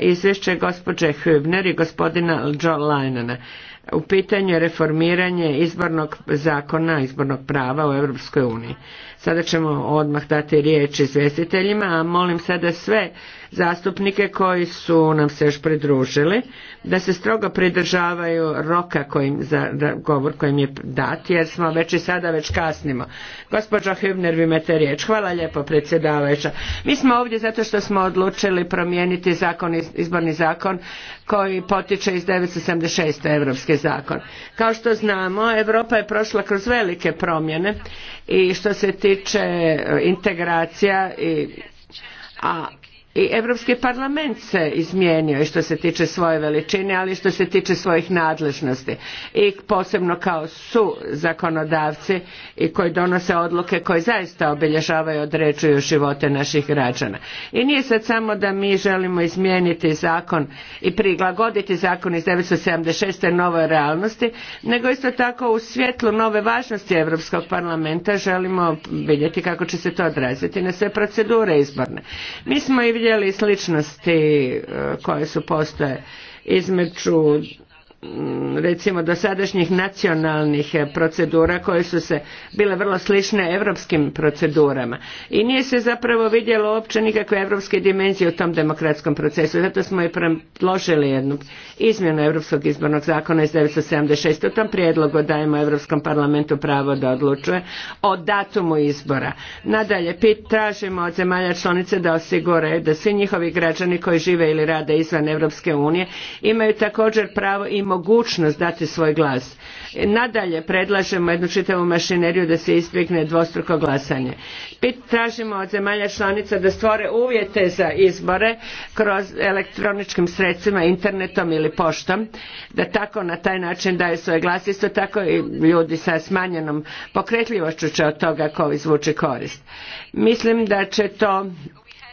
izvješće gospođe Hübner i gospodina John Leinona u pitanje reformiranje izbornog zakona, izbornog prava u Europskoj uniji. Sada ćemo odmah dati riječ izvjestiteljima, a molim sada sve zastupnike koji su nam se još pridružili da se strogo pridržavaju roka kojim, za govor kojim je dat, jer smo već i sada već kasnimo. Gospođo Hübner, vi imate riječ. Hvala lijepo, predsjedavajuća. Mi smo ovdje zato što smo odlučili promijeniti izborni zakon koji potiče iz 976. europske zakon. Kao što znamo, Europa je prošla kroz velike promjene i što se tiče integracija i a i Europski parlament se izmijenio i što se tiče svoje veličine, ali i što se tiče svojih nadležnosti. I posebno kao su zakonodavci i koji donose odluke koje zaista obilježavaju i određuju živote naših građana. I nije sad samo da mi želimo izmijeniti zakon i prilagoditi zakon iz 1976. novoj realnosti, nego isto tako u svjetlu nove važnosti Europskog parlamenta želimo vidjeti kako će se to odraziti na sve procedure izborne. Mi smo i vidjeli sličnosti e, koje su postoje između Mm, recimo dosadašnjih nacionalnih eh, procedura koje su se bile vrlo slične europskim procedurama i nije se zapravo vidjelo uopće nikakve europske dimenzije u tom demokratskom procesu zato smo i predložili jednu izmjenu europskog izbornog zakona iz 1976. u tom prijedlogu dajemo europskom parlamentu pravo da odlučuje o datumu izbora nadalje tražimo od zemalja članice da osigure da svi njihovi građani koji žive ili rade izvan Europske unije imaju također pravo i mogućnost dati svoj glas. Nadalje predlažemo jednu čitavu mašineriju da se izbjegne dvostruko glasanje. Pit tražimo od zemalja članica da stvore uvjete za izbore kroz elektroničkim sredstvima, internetom ili poštom, da tako na taj način daje svoj glas. Isto tako i ljudi sa smanjenom pokretljivošću će od toga ko izvuče korist. Mislim da će to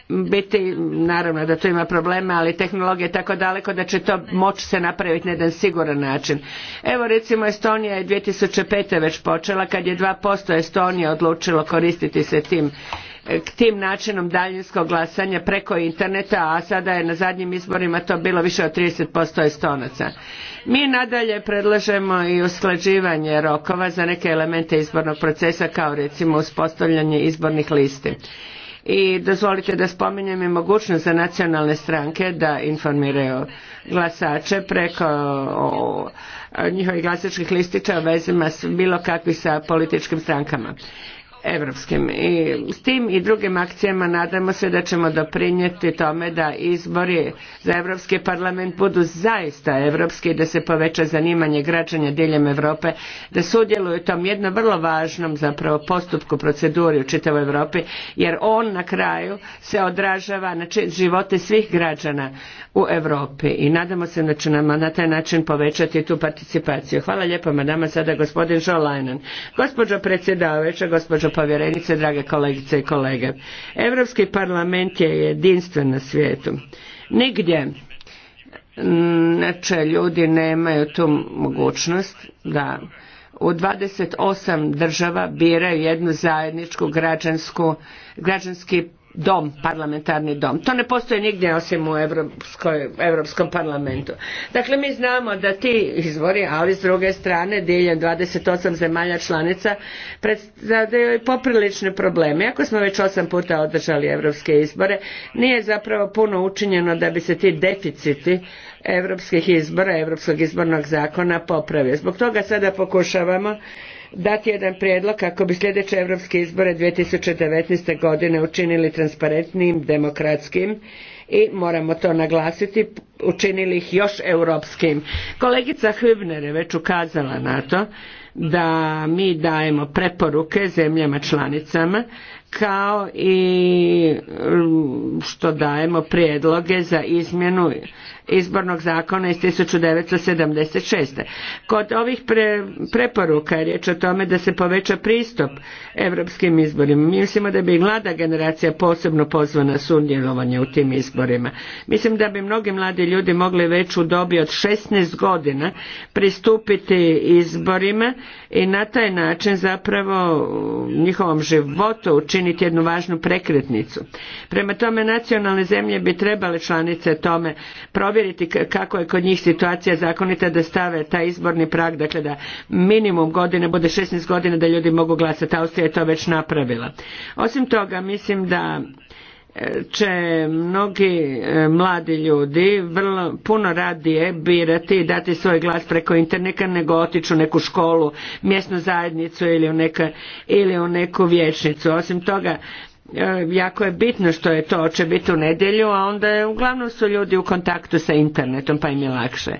biti, naravno da tu ima problema, ali tehnologija je tako daleko da će to moći se napraviti na jedan siguran način. Evo recimo Estonija je 2005. već počela kad je 2% Estonije odlučilo koristiti se tim tim načinom daljinskog glasanja preko interneta, a sada je na zadnjim izborima to bilo više od 30% estonaca. Mi nadalje predlažemo i usklađivanje rokova za neke elemente izbornog procesa kao recimo uspostavljanje izbornih listi i dozvolite da spominjem i mogućnost za nacionalne stranke da informiraju glasače preko njihovih glasačkih listića o vezima s bilo kakvih sa političkim strankama europskim. I s tim i drugim akcijama nadamo se da ćemo doprinijeti tome da izbori za Europski parlament budu zaista europski i da se poveća zanimanje građana diljem Europe da sudjeluju u tom jednom vrlo važnom zapravo postupku proceduri u čitavoj Europi jer on na kraju se odražava na živote svih građana u Europi i nadamo se da će nam na taj način povećati tu participaciju. Hvala lijepo madama sada gospodin Žolajnan. Gospođo predsjedavajuća, gospođo povjerenice, drage kolegice i kolege. Europski parlament je jedinstven na svijetu. Nigdje ljudi nemaju tu mogućnost da u 28 država biraju jednu zajedničku građansku, građanski dom, parlamentarni dom. To ne postoji nigdje osim u Evropskoj, Evropskom parlamentu. Dakle, mi znamo da ti izvori, ali s druge strane, diljem 28 zemalja članica, predstavljaju i poprilične probleme. Ako smo već osam puta održali evropske izbore, nije zapravo puno učinjeno da bi se ti deficiti europskih izbora, europskog izbornog zakona popravio. Zbog toga sada pokušavamo dati jedan prijedlog kako bi sljedeće europske izbore 2019. godine učinili transparentnijim, demokratskim i moramo to naglasiti učinili ih još europskim. Kolegica Hübner je već ukazala na to da mi dajemo preporuke zemljama članicama kao i mm, što dajemo prijedloge za izmjenu izbornog zakona iz 1976. Kod ovih preporuka je riječ o tome da se poveća pristup europskim izborima. Mislimo da bi mlada generacija posebno pozvana sudjelovanje u tim izborima. Mislim da bi mnogi mladi ljudi mogli već u dobi od 16 godina pristupiti izborima i na taj način zapravo njihovom životu učiniti jednu važnu prekretnicu. Prema tome nacionalne zemlje bi trebale članice tome provjeriti kako je kod njih situacija zakonita da stave taj izborni prag, dakle da minimum godine bude 16 godina da ljudi mogu glasati. Austrija je to već napravila. Osim toga mislim da će mnogi e, mladi ljudi vrlo puno radije birati i dati svoj glas preko interneta nego otići u neku školu, mjesnu zajednicu ili u, neka, ili u neku vječnicu. Osim toga, e, jako je bitno što je to, će biti u nedjelju, a onda je, uglavnom su ljudi u kontaktu sa internetom pa im je lakše.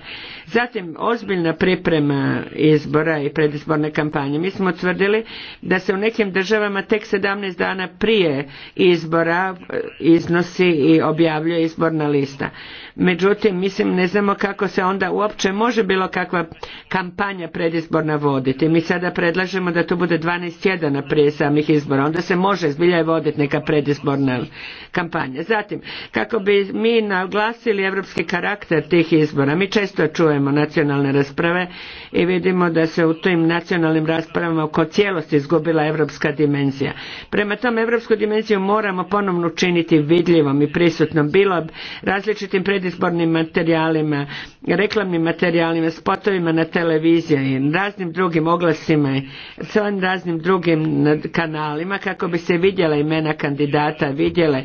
Zatim ozbiljna priprema izbora i predizborne kampanje. Mi smo tvrdili da se u nekim državama tek 17 dana prije izbora e, iznosi i objavljuje izborna lista. Međutim, mislim ne znamo kako se onda uopće može bilo kakva kampanja predizborna voditi. Mi sada predlažemo da to bude 12 tjedana prije samih izbora. Onda se može zbilja voditi neka predizborna kampanja. Zatim, kako bi mi naglasili europski karakter tih izbora, mi često čujemo čujemo nacionalne rasprave i vidimo da se u tim nacionalnim raspravama oko cijelosti izgubila europska dimenzija. Prema tome europsku dimenziju moramo ponovno učiniti vidljivom i prisutnom bilo različitim predizbornim materijalima, reklamnim materijalima, spotovima na televiziji, raznim drugim oglasima i celim raznim drugim kanalima kako bi se vidjela imena kandidata, vidjele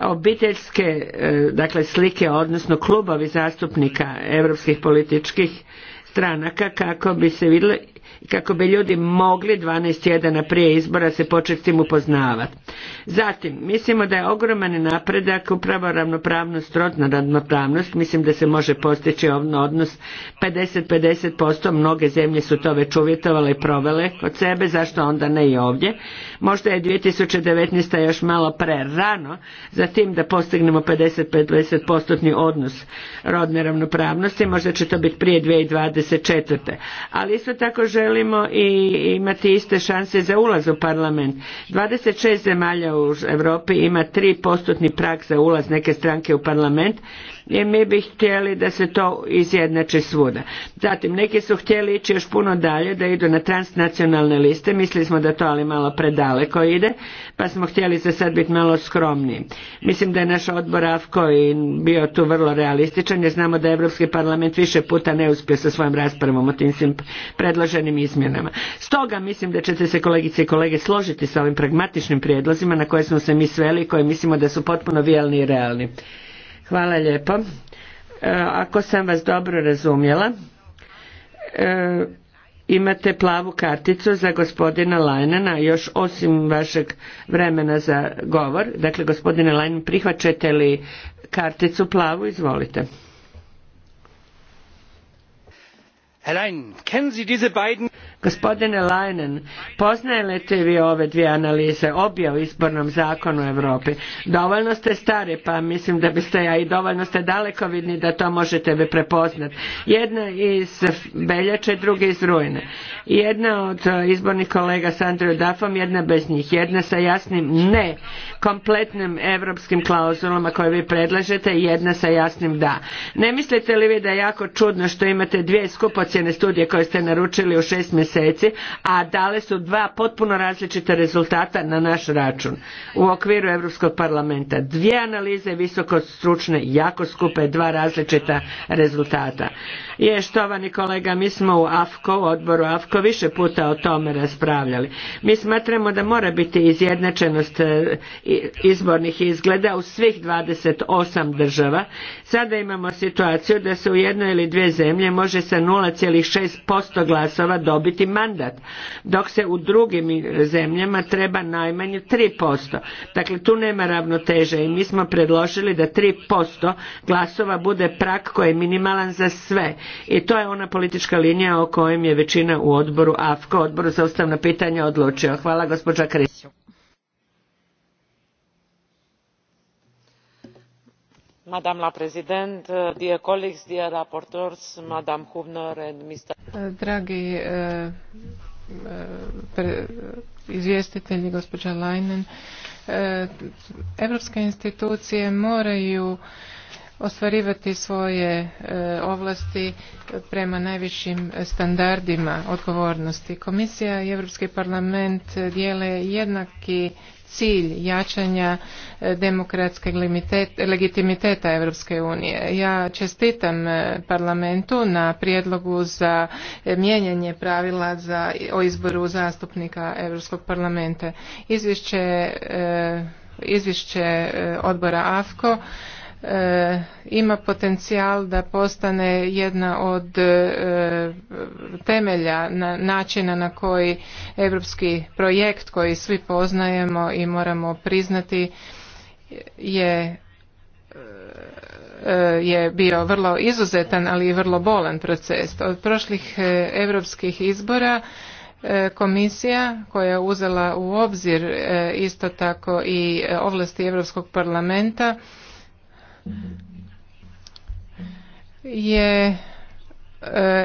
obiteljske e, dakle slike odnosno klubovi zastupnika europskih političkih stranaka kako bi se vidjeli kako bi ljudi mogli 12 tjedana prije izbora se početi s tim upoznavati. Zatim, mislimo da je ogroman napredak upravo ravnopravnost, rodna ravnopravnost, mislim da se može postići ovno odnos 50-50%, mnoge zemlje su to već uvjetovale i provele kod sebe, zašto onda ne i ovdje. Možda je 2019. još malo pre rano, za tim da postignemo 50-50% odnos rodne ravnopravnosti, možda će to biti prije 2024. Ali isto tako želim želimo i imati iste šanse za ulaz u parlament. 26 zemalja u Europi ima 3 postotni prag za ulaz neke stranke u parlament i mi bi htjeli da se to izjednači svuda. Zatim, neki su htjeli ići još puno dalje, da idu na transnacionalne liste, mislili smo da to ali malo predaleko ide, pa smo htjeli za sad biti malo skromniji. Mislim da je naš odbor AFKO i bio tu vrlo realističan, jer znamo da je Europski parlament više puta ne uspio sa svojom raspravom o tim svim predloženim izmjenama. Stoga mislim da ćete se kolegice i kolege složiti sa ovim pragmatičnim prijedlozima na koje smo se mi sveli i koje mislimo da su potpuno vijelni i realni. Hvala lijepo. E, ako sam vas dobro razumjela, e, imate plavu karticu za gospodina Lajnana, još osim vašeg vremena za govor. Dakle, gospodine Lajnan, prihvaćate li karticu plavu? Izvolite. Herr kennen Sie diese beiden Gospodine Leinen, poznajete vi ove dvije analize, obje u izbornom zakonu u Europi? Dovoljno ste stari, pa mislim da biste, ja i dovoljno ste dalekovidni da to možete vi prepoznati. Jedna iz Beljače, druga iz Rujne. Jedna od izbornih kolega s Andreju Dafom, jedna bez njih. Jedna sa jasnim ne kompletnim europskim klauzulama koje vi predlažete i jedna sa jasnim da. Ne mislite li vi da je jako čudno što imate dvije skupocjene studije koje ste naručili u šest mjeseci mjeseci, a dale su dva potpuno različita rezultata na naš račun u okviru Europskog parlamenta. Dvije analize visoko stručne, jako skupe, dva različita rezultata. Je, štovani kolega, mi smo u AFKO, u odboru AFKO, više puta o tome raspravljali. Mi smatramo da mora biti izjednačenost e, izbornih izgleda u svih 28 država. Sada imamo situaciju da se u jednoj ili dvije zemlje može sa 0,6% glasova dobiti mandat, dok se u drugim zemljama treba najmanje 3%. Dakle, tu nema ravnoteže i mi smo predložili da 3% glasova bude prak koji je minimalan za sve. I to je ona politička linija o kojem je većina u odboru AFKO, odboru za ustavna pitanja odlučio. Hvala gospođa Krisu. gospođo predsjednice uh, e, dragi e, e, izvjestitelji gospođo leinen europske institucije moraju ostvarivati svoje ovlasti prema najvišim standardima odgovornosti. komisija i europski parlament dijele jednaki cilj jačanja e, demokratske legitimiteta Europske unije. Ja čestitam e, parlamentu na prijedlogu za e, mijenjanje pravila o izboru zastupnika Europskog parlamenta. Izvješće izvješće odbora AFKO e, ima potencijal da postane jedna od e, temelja na načina na koji europski projekt koji svi poznajemo i moramo priznati je e, je bio vrlo izuzetan, ali i vrlo bolan proces. Od prošlih europskih izbora e, komisija koja je uzela u obzir isto tako i ovlasti Europskog parlamenta je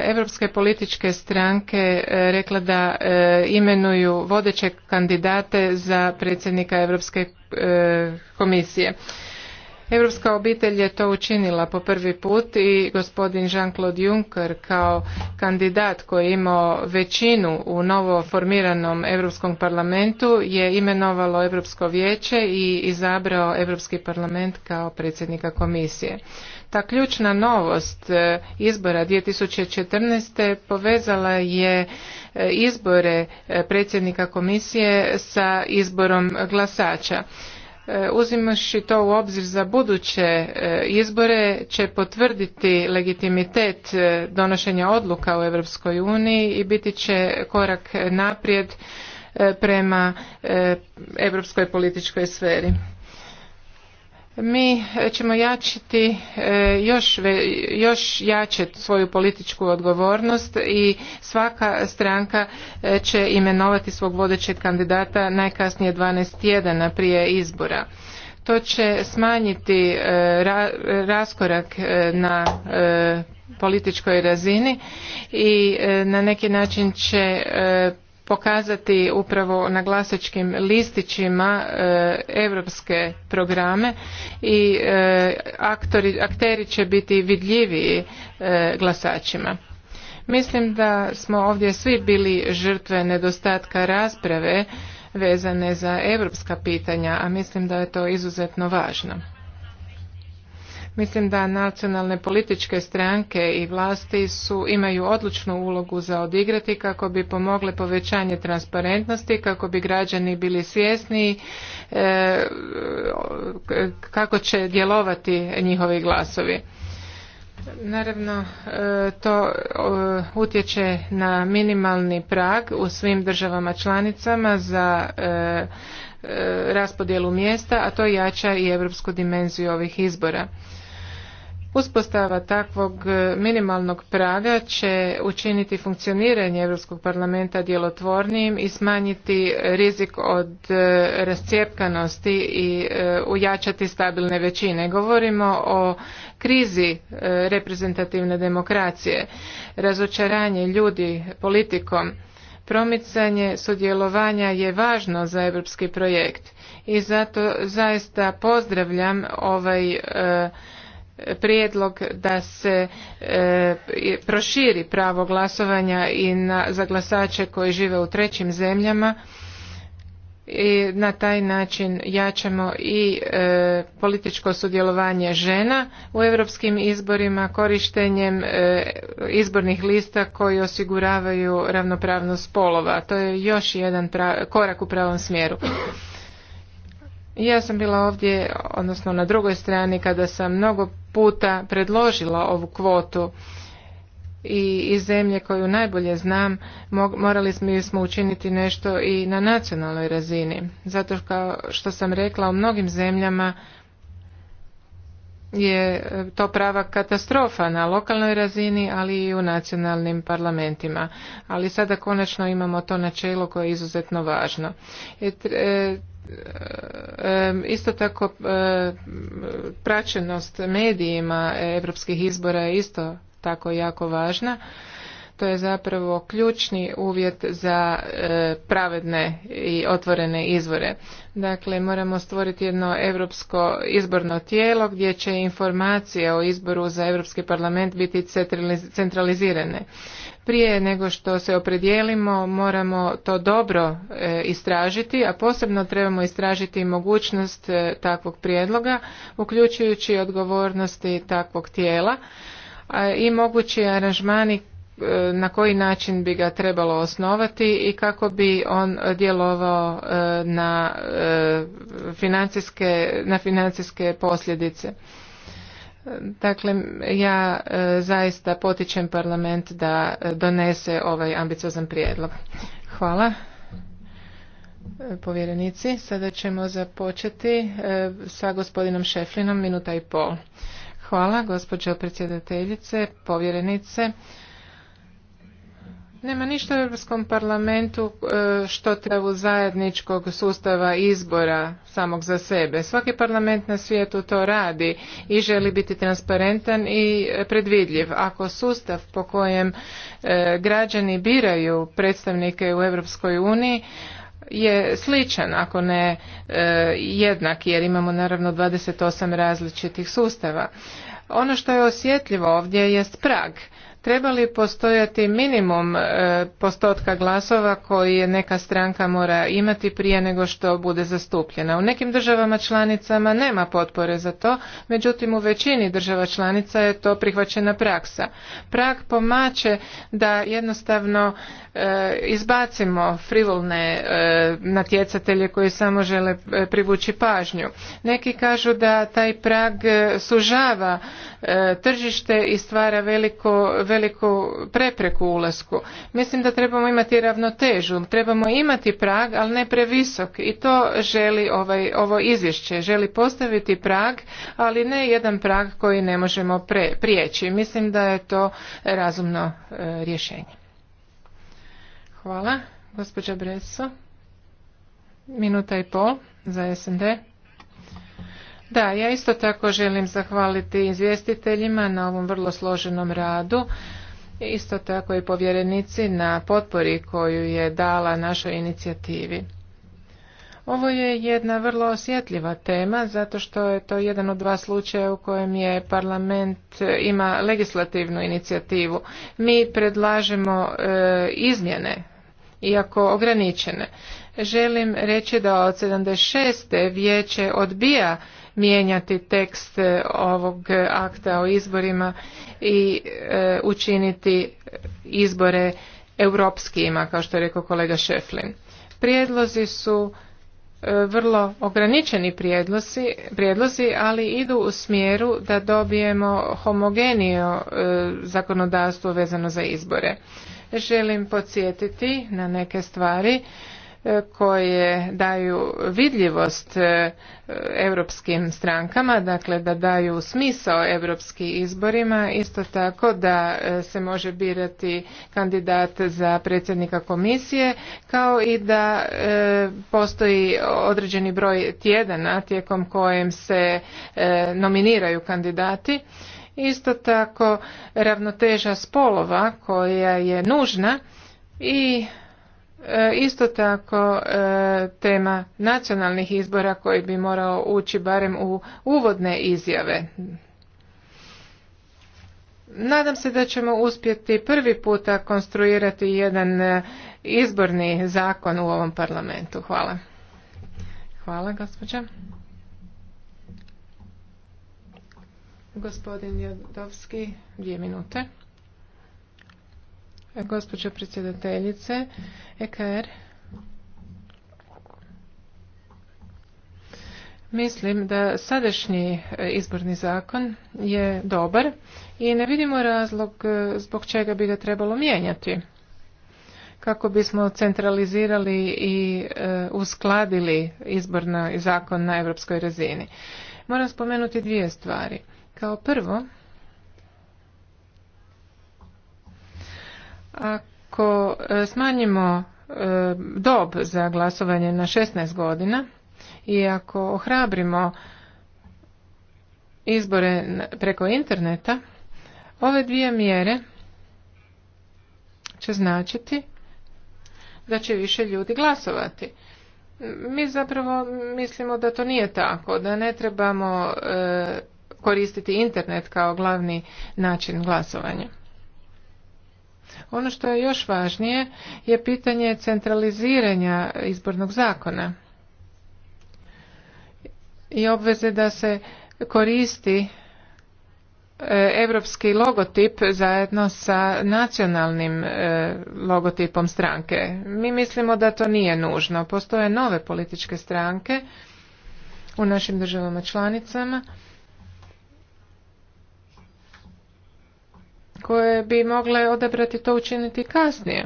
europske političke stranke e, rekla da e, imenuju vodeće kandidate za predsjednika Europske e, komisije. Europska obitelj je to učinila po prvi put i gospodin Jean-Claude Juncker kao kandidat koji je imao većinu u novo formiranom Europskom parlamentu je imenovalo Europsko vijeće i izabrao Europski parlament kao predsjednika komisije. Ta ključna novost e, izbora 2014. povezala je e, izbore e, predsjednika komisije sa izborom glasača. E, uzimajući to u obzir za buduće e, izbore će potvrditi legitimitet e, donošenja odluka u Europskoj uniji i biti će korak naprijed prema europskoj političkoj sferi mi ćemo jačiti e, još, još jače svoju političku odgovornost i svaka stranka e, će imenovati svog vodećeg kandidata najkasnije 12 tjedana prije izbora. To će smanjiti e, raskorak na političkoj razini i na neki način će pokazati upravo na glasačkim listićima europske programe i e, aktori, akteri će biti vidljiviji e, glasačima. Mislim da smo ovdje svi bili žrtve nedostatka rasprave vezane za europska pitanja, a mislim da je to izuzetno važno. Mislim da nacionalne političke stranke i vlasti su, imaju odlučnu ulogu za odigrati kako bi pomogle povećanje transparentnosti, kako bi građani bili svjesni e, kako će djelovati njihovi glasovi. Naravno, e, to utječe na minimalni prag u svim državama članicama za e, raspodjelu mjesta, a to jača i europsku dimenziju ovih izbora. Uspostava takvog e, minimalnog praga će učiniti funkcioniranje Europskog parlamenta djelotvornijim i smanjiti rizik od e, razcijepkanosti i e, ujačati stabilne većine. Govorimo o krizi reprezentativne demokracije, razočaranje ljudi politikom, promicanje sudjelovanja je važno za europski projekt i zato zaista pozdravljam ovaj prijedlog da se e, proširi pravo glasovanja i na, za glasače koji žive u trećim zemljama i na taj način jačamo i e, političko sudjelovanje žena u europskim izborima korištenjem e, izbornih lista koji osiguravaju ravnopravnost spolova. To je još jedan korak u pravom smjeru. Ja sam bila ovdje, odnosno na drugoj strani, kada sam mnogo puta predložila ovu kvotu i iz zemlje koju najbolje znam morali smo, smo učiniti nešto i na nacionalnoj razini. Zato kao što sam rekla u mnogim zemljama je e, to prava katastrofa na lokalnoj razini, ali i u nacionalnim parlamentima. Ali sada konačno imamo to načelo koje je izuzetno važno. E, e, isto tako praćenost medijima europskih izbora je isto tako jako važna što je zapravo ključni uvjet za e, pravedne i otvorene izvore. Dakle, moramo stvoriti jedno europsko izborno tijelo gdje će informacije o izboru za Europski parlament biti centralizirane. Prije nego što se opredijelimo moramo to dobro e, istražiti, a posebno trebamo istražiti mogućnost e, takvog prijedloga, uključujući odgovornosti takvog tijela i mogući aranžmani E, na koji način bi ga trebalo osnovati i kako bi on djelovao e, na e, financijske, na financijske posljedice. Dakle, ja zaista potičem parlament da donese ovaj ambiciozan prijedlog. Hvala. Povjerenici, sada ćemo započeti sa gospodinom Šeflinom, minuta i pol. Hvala, gospođo predsjedateljice, povjerenice. Nema ništa u Europskom parlamentu e, što treba zajedničkog sustava izbora samog za sebe. Svaki parlament na svijetu to radi i želi biti transparentan i predvidljiv. Ako sustav po kojem e, građani biraju predstavnike u Europskoj uniji je sličan, ako ne e, jednak, jer imamo naravno 28 različitih sustava. Ono što je osjetljivo ovdje jest prag Treba li postojati minimum e, postotka glasova koji neka stranka mora imati prije nego što bude zastupljena? U nekim državama članicama nema potpore za to, međutim u većini država članica je to prihvaćena praksa. Prag pomače da jednostavno e, izbacimo frivolne e, natjecatelje koji samo žele privući pažnju. Neki kažu da taj prag sužava tržište i stvara veliko veliku prepreku ulasku. Mislim da trebamo imati ravnotežu, trebamo imati prag, ali ne previsok i to želi ovaj, ovo izvješće. Želi postaviti prag, ali ne jedan prag koji ne možemo prijeći. Mislim da je to razumno e, rješenje. Hvala. Gospođa Breso. Minuta i pol za SND. Da, ja isto tako želim zahvaliti izvjestiteljima na ovom vrlo složenom radu. Isto tako i povjerenici na potpori koju je dala našoj inicijativi. Ovo je jedna vrlo osjetljiva tema zato što je to jedan od dva slučaja u kojem je parlament e, ima legislativnu inicijativu. Mi predlažemo e, izmjene, iako ograničene. Želim reći da od 76. vijeće odbija mijenjati tekst e, ovog akta o izborima i e, učiniti izbore europskima, kao što je rekao kolega Šeflin. Prijedlozi su e, vrlo ograničeni prijedlozi, ali idu u smjeru da dobijemo homogenijo zakonodavstvo vezano za izbore. Želim podsjetiti na neke stvari koje daju vidljivost europskim strankama, dakle da daju smisao europskim izborima, isto tako da e, se može birati kandidat za predsjednika komisije, kao i da e, postoji određeni broj tjedana tijekom kojem se e, nominiraju kandidati. Isto tako ravnoteža spolova koja je nužna i E, isto tako e, tema nacionalnih izbora koji bi morao ući barem u uvodne izjave. Nadam se da ćemo uspjeti prvi puta konstruirati jedan e, izborni zakon u ovom parlamentu. Hvala. Hvala, gospođa. Gospodin Jadovski, dvije minute gospođo predsjedateljice EKR Mislim da sadašnji e, izborni zakon je dobar i ne vidimo razlog e, zbog čega bi ga trebalo mijenjati kako bismo centralizirali i e, uskladili izborni zakon na europskoj razini. Moram spomenuti dvije stvari. Kao prvo, Ako e, smanjimo e, dob za glasovanje na 16 godina i ako ohrabrimo izbore preko interneta, ove dvije mjere će značiti da će više ljudi glasovati. Mi zapravo mislimo da to nije tako, da ne trebamo e, koristiti internet kao glavni način glasovanja. Ono što je još važnije je pitanje centraliziranja izbornog zakona i obveze da se koristi europski logotip zajedno sa nacionalnim e, logotipom stranke. Mi mislimo da to nije nužno. Postoje nove političke stranke u našim državama članicama koje bi mogle odabrati to učiniti kasnije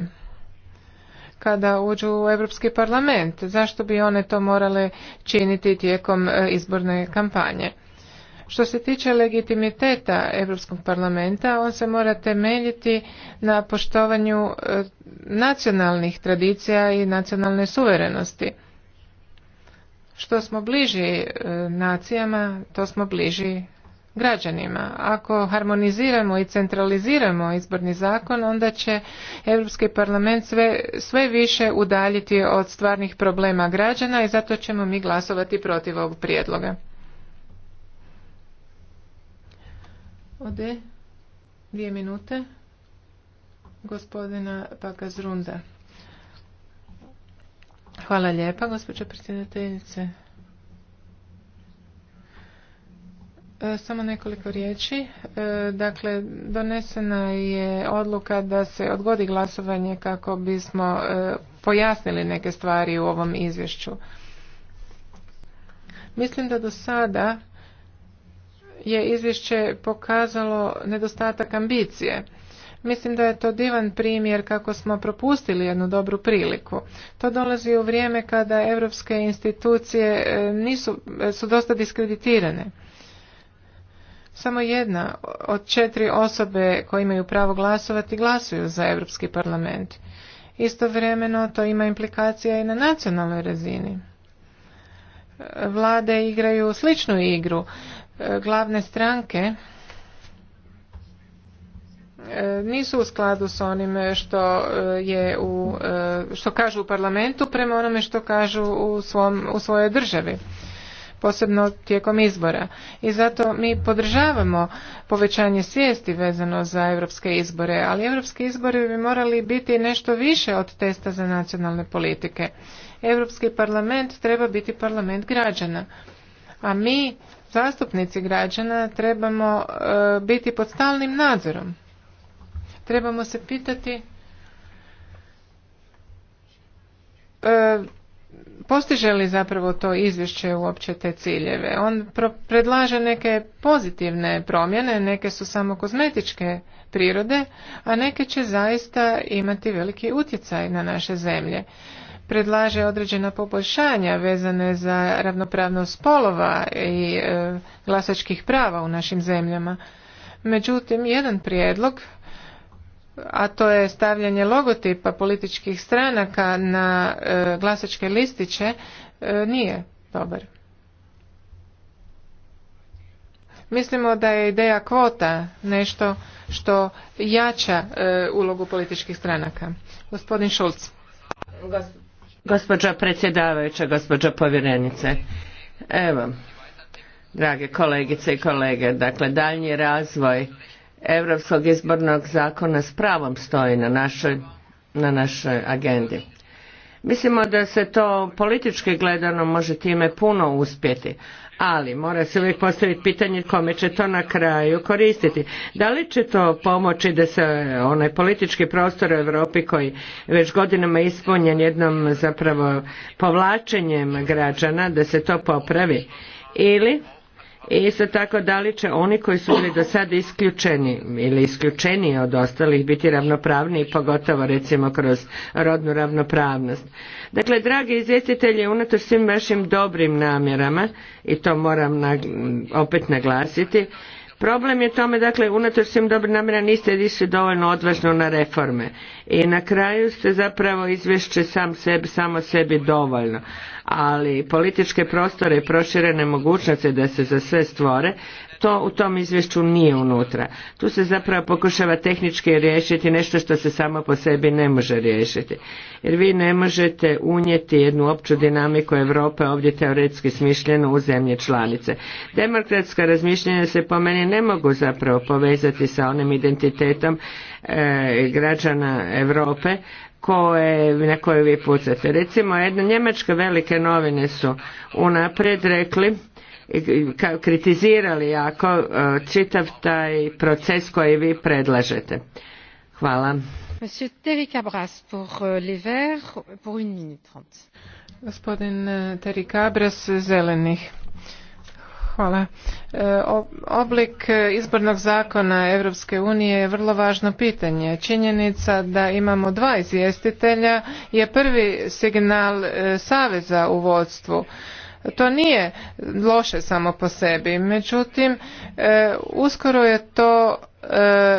kada uđu u Europski parlament. Zašto bi one to morale činiti tijekom e, izborne kampanje? Što se tiče legitimiteta Europskog parlamenta, on se mora temeljiti na poštovanju e, nacionalnih tradicija i nacionalne suverenosti. Što smo bliži e, nacijama, to smo bliži građanima. Ako harmoniziramo i centraliziramo izborni zakon, onda će Europski parlament sve, sve više udaljiti od stvarnih problema građana i zato ćemo mi glasovati protiv ovog prijedloga. Ode dvije minute gospodina Pakazrunda. Hvala lijepa, gospođo predsjedateljice. E, samo nekoliko riječi. E, dakle, donesena je odluka da se odgodi glasovanje kako bismo e, pojasnili neke stvari u ovom izvješću. Mislim da do sada je izvješće pokazalo nedostatak ambicije. Mislim da je to divan primjer kako smo propustili jednu dobru priliku. To dolazi u vrijeme kada europske institucije nisu, su dosta diskreditirane. Samo jedna od četiri osobe koje imaju pravo glasovati glasuju za Europski parlament. Istovremeno to ima implikacija i na nacionalnoj razini. Vlade igraju sličnu igru. Glavne stranke e, nisu u skladu s onim što e, je u, e, što kažu u parlamentu prema onome što kažu u, svom, u svojoj državi posebno tijekom izbora. I zato mi podržavamo povećanje svijesti vezano za europske izbore, ali europski izbori bi morali biti nešto više od testa za nacionalne politike. Europski parlament treba biti parlament građana. A mi, zastupnici građana, trebamo e, biti pod stalnim nadzorom. Trebamo se pitati e, postiže li zapravo to izvješće uopće te ciljeve? On predlaže neke pozitivne promjene, neke su samo kozmetičke prirode, a neke će zaista imati veliki utjecaj na naše zemlje. Predlaže određena poboljšanja vezane za ravnopravnost spolova i e, glasačkih prava u našim zemljama. Međutim, jedan prijedlog a to je stavljanje logotipa političkih stranaka na e, glasačke listiće e, nije dobar. Mislimo da je ideja kvota nešto što jača e, ulogu političkih stranaka. Gospodin Šulc. Gospođa predsjedavajuća, gospođa povjerenice. Evo, drage kolegice i kolege, dakle daljnji razvoj Europskog izbornog zakona s pravom stoji na našoj, na našoj agendi. Mislimo da se to politički gledano može time puno uspjeti, ali mora se uvijek postaviti pitanje kome će to na kraju koristiti. Da li će to pomoći da se onaj politički prostor u Europi koji već godinama ispunjen jednom zapravo povlačenjem građana, da se to popravi ili i isto tako da li će oni koji su bili do sada isključeni ili isključeniji od ostalih biti ravnopravniji, pogotovo recimo kroz rodnu ravnopravnost. Dakle, dragi izvjestitelji, unatoč svim vašim dobrim namjerama, i to moram opet naglasiti, Problem je tome, dakle, unatoč svim dobrim namjera niste išli dovoljno odvažno na reforme. I na kraju ste zapravo izvješće sam sebi, samo sebi dovoljno. Ali političke prostore i proširene mogućnosti da se za sve stvore, to u tom izvješću nije unutra. Tu se zapravo pokušava tehnički riješiti nešto što se samo po sebi ne može riješiti. Jer vi ne možete unijeti jednu opću dinamiku Europe ovdje teoretski smišljenu u zemlje članice. Demokratska razmišljanja se po meni ne mogu zapravo povezati sa onim identitetom e, građana Europe koje, na koje vi pucate. Recimo, jedna njemačka velike novine su unaprijed rekli kao kritizirali jako e, čitav taj proces koji vi predlažete. Hvala. Gospodin e, Terry Cabras zelenih. Hvala. E, oblik izbornog zakona Europske unije je vrlo važno pitanje. Činjenica da imamo dva izvjestitelja je prvi signal saveza u vodstvu to nije loše samo po sebi, međutim e, uskoro je to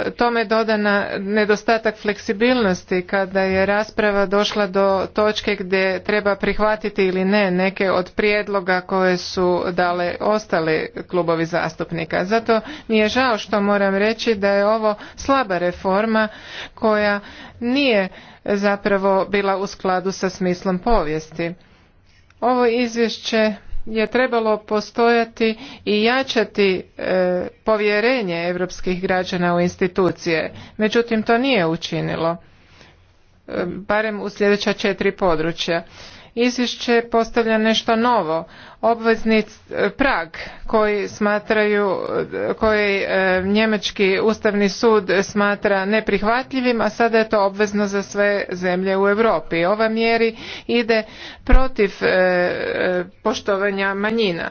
e, tome dodana nedostatak fleksibilnosti kada je rasprava došla do točke gdje treba prihvatiti ili ne neke od prijedloga koje su dale ostali klubovi zastupnika. Zato mi je žao što moram reći da je ovo slaba reforma koja nije zapravo bila u skladu sa smislom povijesti. Ovo izvješće je trebalo postojati i jačati e, povjerenje europskih građana u institucije. Međutim, to nije učinilo, e, barem u sljedeća četiri područja izvješće postavlja nešto novo obvezni e, prag koji smatraju e, koji e, njemački ustavni sud smatra neprihvatljivim a sada je to obvezno za sve zemlje u Europi ova mjeri ide protiv poštovanja manjina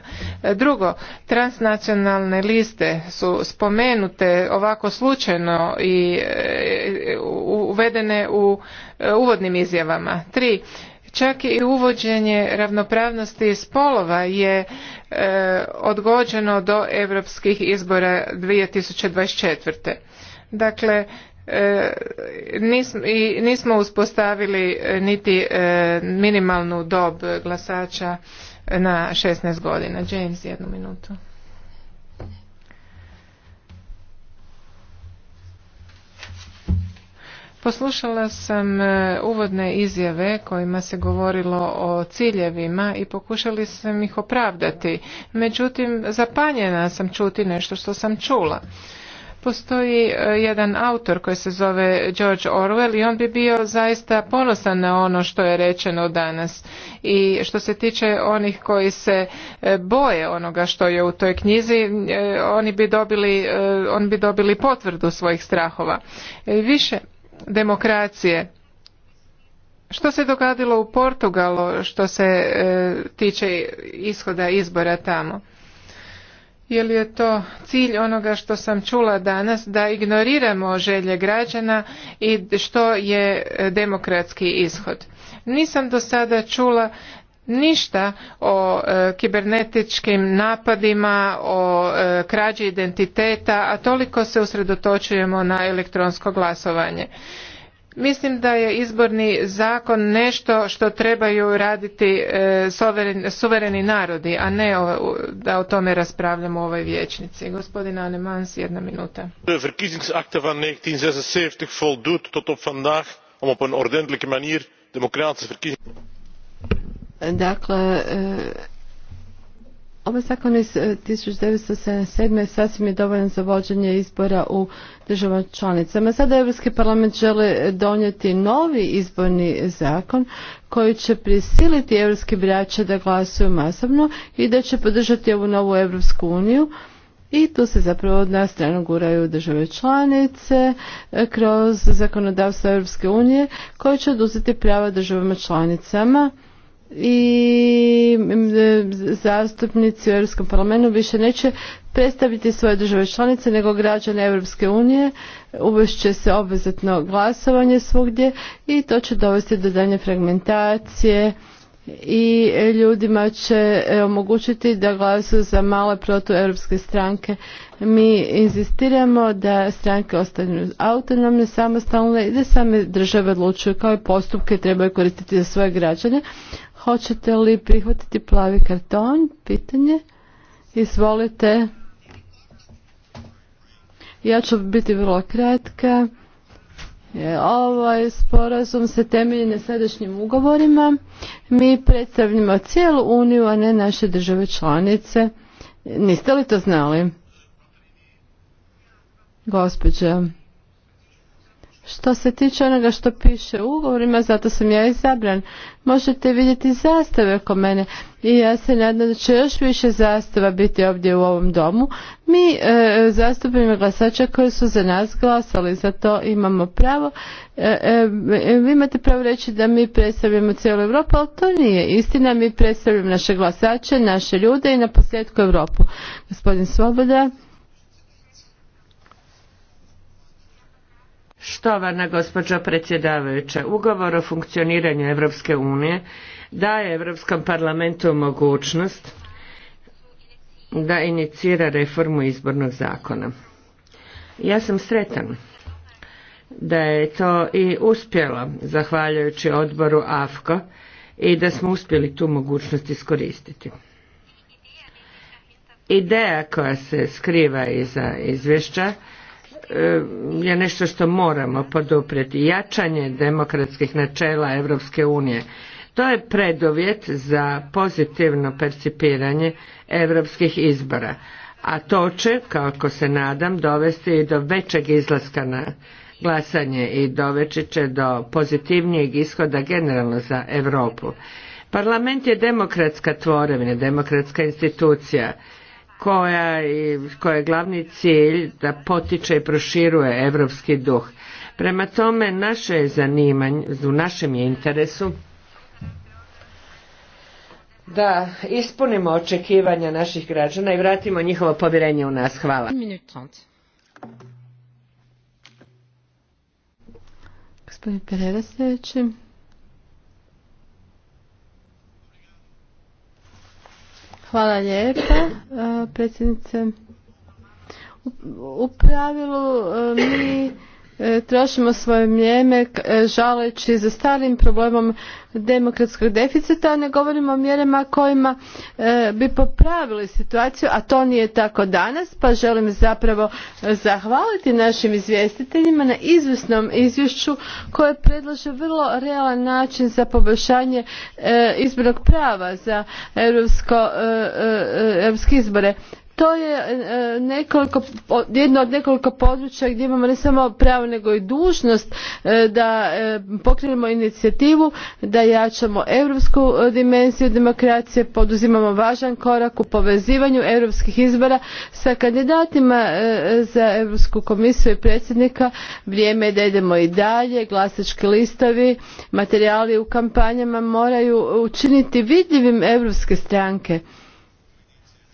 drugo transnacionalne liste su spomenute ovako slučajno i uvedene u uvodnim izjavama tri Čak i uvođenje ravnopravnosti spolova je e, odgođeno do europskih izbora 2024. Dakle, e, nis, i nismo uspostavili e, niti e, minimalnu dob glasača na 16 godina. James, jednu minutu. Poslušala sam e, uvodne izjave kojima se govorilo o ciljevima i pokušali sam ih opravdati. Međutim, zapanjena sam čuti nešto što sam čula. Postoji e, jedan autor koji se zove George Orwell i on bi bio zaista ponosan na ono što je rečeno danas. I što se tiče onih koji se e, boje onoga što je u toj knjizi, oni bi dobili, on bi dobili potvrdu svojih strahova. Više demokracije. Što se dogadilo u Portugalu što se e, tiče ishoda izbora tamo? Je li je to cilj onoga što sam čula danas da ignoriramo želje građana i što je demokratski ishod? Nisam do sada čula ništa o e, kibernetičkim napadima, o e, krađi identiteta, a toliko se usredotočujemo na elektronsko glasovanje. Mislim da je izborni zakon nešto što trebaju raditi e, suvereni narodi, a ne da o tome raspravljamo u ovoj vječnici. Gospodin Anemans, jedna minuta. Verkiezingsakte van 1976 voldoet tot op vandaag om op een ordentelijke manier Dakle, e, ovaj zakon iz 1977. E, sasvim je dovoljan za vođenje izbora u državama članicama. Sada Europski parlament žele donijeti novi izborni zakon koji će prisiliti europski birače da glasuju masovno i da će podržati ovu novu Europsku uniju. I tu se zapravo od nas stranu guraju države članice e, kroz zakonodavstvo Europske unije koje će oduzeti prava državama članicama i mm, zastupnici u Europskom parlamentu više neće predstaviti svoje države članice nego građane Europske unije uvešće se obvezatno glasovanje svugdje i to će dovesti do danje fragmentacije i ljudima će e, omogućiti da glasuju za male protueuropske stranke. Mi inzistiramo da stranke ostanu autonomne, samostalne i da same države odlučuju koje postupke trebaju koristiti za svoje građane, Hoćete li prihvatiti plavi karton? Pitanje. Izvolite. Ja ću biti vrlo kratka. Ovaj sporazum se temelji na sadašnjim ugovorima. Mi predstavljamo cijelu uniju, a ne naše države članice. Niste li to znali? Gospođa što se tiče onoga što piše u ugovorima, zato sam ja izabran. Možete vidjeti zastave oko mene i ja se nadam da će još više zastava biti ovdje u ovom domu. Mi e, zastupimo glasača koji su za nas glasali, za to imamo pravo. E, e, e, vi imate pravo reći da mi predstavljamo cijelu Europu, ali to nije istina. Mi predstavljamo naše glasače, naše ljude i na posljedku Europu. Gospodin Svoboda. Štovana gospođo predsjedavajuća, ugovor o funkcioniranju Europske unije daje Europskom parlamentu mogućnost da inicira reformu izbornog zakona. Ja sam sretan da je to i uspjelo zahvaljujući odboru AFKO i da smo uspjeli tu mogućnost iskoristiti. Ideja koja se skriva iza izvješća Eh, je nešto što moramo poduprijeti. Jačanje demokratskih načela Europske unije. To je preduvjet za pozitivno percipiranje europskih izbora. A to će, kako se nadam, dovesti i do većeg izlaska na glasanje i doveći će do pozitivnijeg ishoda generalno za Europu. Parlament je demokratska tvorevina, demokratska institucija koja, koja je glavni cilj da potiče i proširuje europski duh. Prema tome, naše je zanimanje, u našem je interesu da ispunimo očekivanja naših građana i vratimo njihovo povjerenje u nas. Hvala. Gospodin Pereira sljedeći. Hvala lijepa, e, predsjednice. U pravilu e, mi E, trošimo svoje vrijeme e, žaleći za starim problemom demokratskog deficita, ne govorimo o mjerama kojima e, bi popravili situaciju, a to nije tako danas, pa želim zapravo zahvaliti našim izvjestiteljima na izvrsnom izvješću koje predlaže vrlo realan način za poboljšanje izbornog prava za europske izbore. To je e, nekoliko, jedno od nekoliko područja gdje imamo ne samo pravo nego i dužnost e, da e, pokrenemo inicijativu, da jačamo europsku dimenziju demokracije, poduzimamo važan korak u povezivanju europskih izbora sa kandidatima za Europsku komisiju i predsjednika. Vrijeme je da idemo i dalje, glasački listovi, materijali u kampanjama moraju učiniti vidljivim europske stranke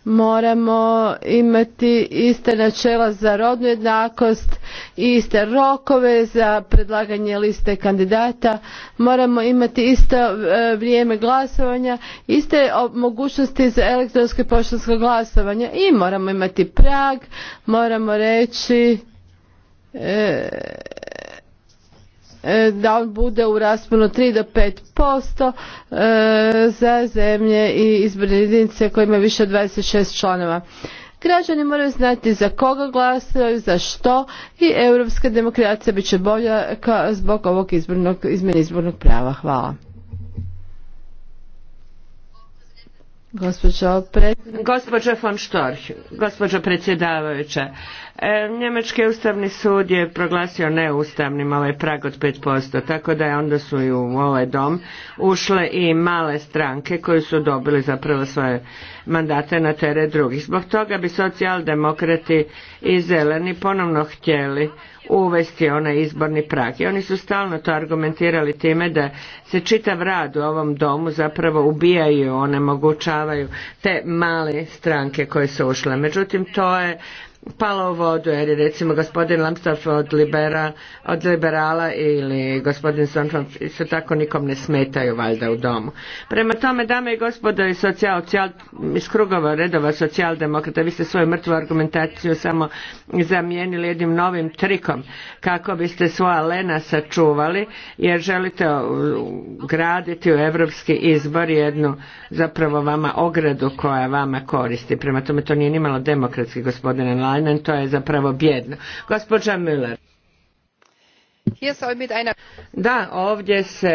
moramo imati iste načela za rodnu jednakost iste rokove za predlaganje liste kandidata moramo imati isto e, vrijeme glasovanja iste mogućnosti za elektronsko i poštansko glasovanje i moramo imati prag moramo reći e, E, da on bude u rasponu 3 do 5% e, za zemlje i izborne jedinice koje imaju više od 26 članova. Građani moraju znati za koga glasaju, za što i europska demokracija bit će bolja zbog ovog izbornog, izmjene izbornog prava. Hvala. Gospođo, von predsjedavajuća, E, njemački ustavni sud je proglasio neustavnim ovaj prag od 5%, tako da je onda su i u ovaj dom ušle i male stranke koje su dobili zapravo svoje mandate na teret drugih. Zbog toga bi socijaldemokrati i zeleni ponovno htjeli uvesti onaj izborni prag. I oni su stalno to argumentirali time da se čitav rad u ovom domu zapravo ubijaju, onemogućavaju te male stranke koje su ušle. Međutim, to je palo u vodu jer je recimo gospodin Lambsdorff od, libera, od liberala ili gospodin Sonfan isto tako nikom ne smetaju valjda u domu. Prema tome, dame i gospodo iz, iz krugova redova socijaldemokrata, vi ste svoju mrtvu argumentaciju samo zamijenili jednim novim trikom kako biste svoja lena sačuvali jer želite graditi u europski izbor jednu zapravo vama ogradu koja vama koristi. Prema tome, to nije nimalo demokratski gospodine nam to je zapravo bjedno. Gospođa Müller. Da, ovdje se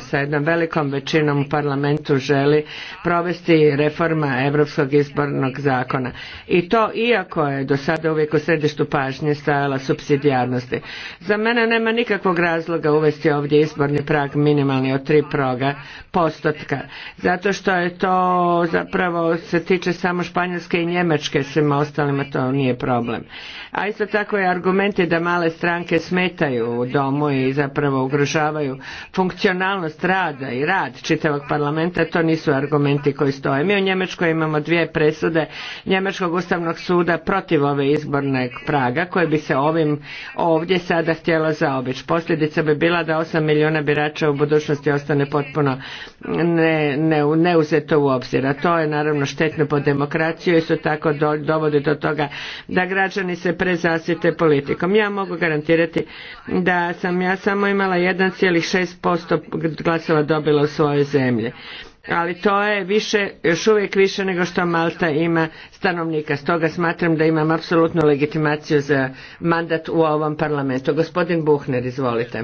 sa jednom velikom većinom u parlamentu želi provesti reforma Europskog izbornog zakona. I to iako je do sada uvijek u središtu pažnje stajala subsidijarnosti. Za mene nema nikakvog razloga uvesti ovdje izborni prag minimalni od tri proga postotka. Zato što je to zapravo se tiče samo Španjolske i Njemačke, svima ostalima to nije problem. A isto tako je argument da male stranke smetaju u domu i zapravo ugrožavaju funkcionalnost rada i rad čitavog parlamenta, to nisu argumenti koji stoje. Mi u Njemačkoj imamo dvije presude Njemačkog ustavnog suda protiv ove izborne praga koje bi se ovim ovdje sada htjela zaobići. Posljedica bi bila da 8 milijuna birača u budućnosti ostane potpuno neuzeto ne, u obzir. A to je naravno štetno po demokraciju i su tako dovodi do toga da građani se prezasite politikom. Ja mogu garantirati da sam ja samo imala 1,6% glasova dobila u svojoj zemlji. Ali to je više, još uvijek više nego što Malta ima stanovnika. Stoga smatram da imam apsolutnu legitimaciju za mandat u ovom parlamentu. Gospodin Buhner, izvolite.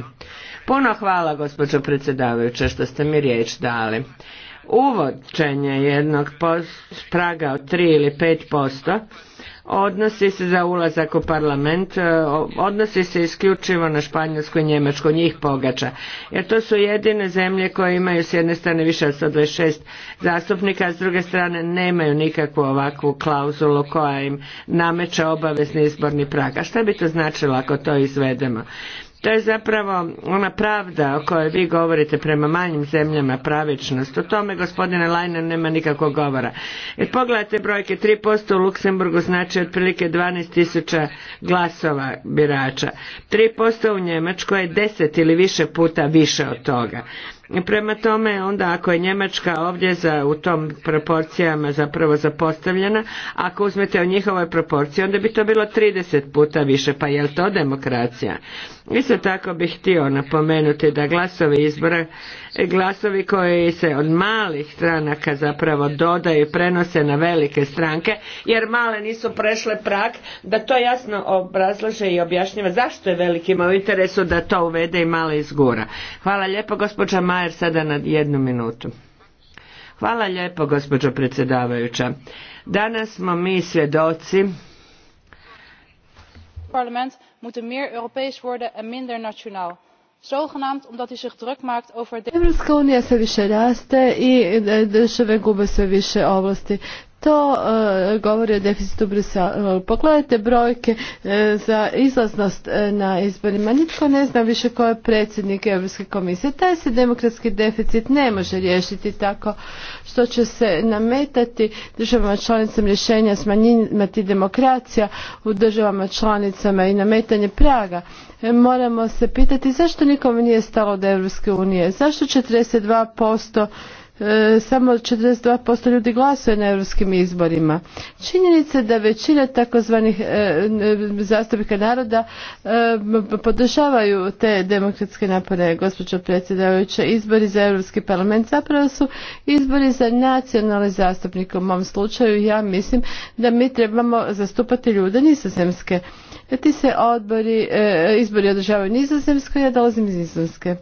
Puno hvala, gospođo predsjedavajuća, što ste mi riječ dali. Uvođenje jednog praga od 3 ili 5% odnosi se za ulazak u parlament, e, odnosi se isključivo na Španjolsku i Njemačku, njih pogača. Jer to su jedine zemlje koje imaju s jedne strane više od 126 zastupnika, a s druge strane nemaju nikakvu ovakvu klauzulu koja im nameće obavezni izborni prag. A šta bi to značilo ako to izvedemo? To je zapravo ona pravda o kojoj vi govorite prema manjim zemljama, pravičnost. O tome gospodine Lajne nema nikakvog govora. Jer pogledajte brojke, 3% u Luksemburgu znači otprilike 12.000 glasova birača. 3% u Njemačkoj je 10 ili više puta više od toga. Prema tome, onda ako je Njemačka ovdje za, u tom proporcijama zapravo zapostavljena, ako uzmete o njihovoj proporciji, onda bi to bilo 30 puta više, pa je li to demokracija? Isto tako bih htio napomenuti da glasovi izbora, glasovi koji se od malih stranaka zapravo dodaju i prenose na velike stranke, jer male nisu prešle prak da to jasno obrazlože i objašnjava zašto je velikima u interesu da to uvede i male izgura. Hvala lijepo gospođa Majer sada na jednu minutu. Hvala lijepo gospođo predsjedavajuća. Danas smo mi svjedoci ...parlament moet meer Europees worden en minder nationaal zogenaamd omdat hij zich druk maakt over de... Evropska unija sve više raste i eh, države gube sve više ovlasti. To e, govori o deficitu Brisela. Pogledajte brojke e, za izlaznost e, na izborima. Nitko ne zna više ko je predsjednik Europske komisije. Taj se demokratski deficit ne može riješiti tako što će se nametati državama članicama rješenja smanjivati demokracija u državama članicama i nametanje praga. Moramo se pitati zašto nikome nije stalo od Europske unije. Zašto 42% E, samo 42% ljudi glasuje na europskim izborima. Činjenica je da većina takozvanih e, zastupnika naroda e, podržavaju te demokratske napore, gospođo predsjedavajuća. Izbori za Europski parlament zapravo su izbori za nacionalne zastupnike. U mom slučaju ja mislim da mi trebamo zastupati ljude nizozemske. Ti se odbori, izbori održavaju nizozemske ja dolazim iz nizozemske.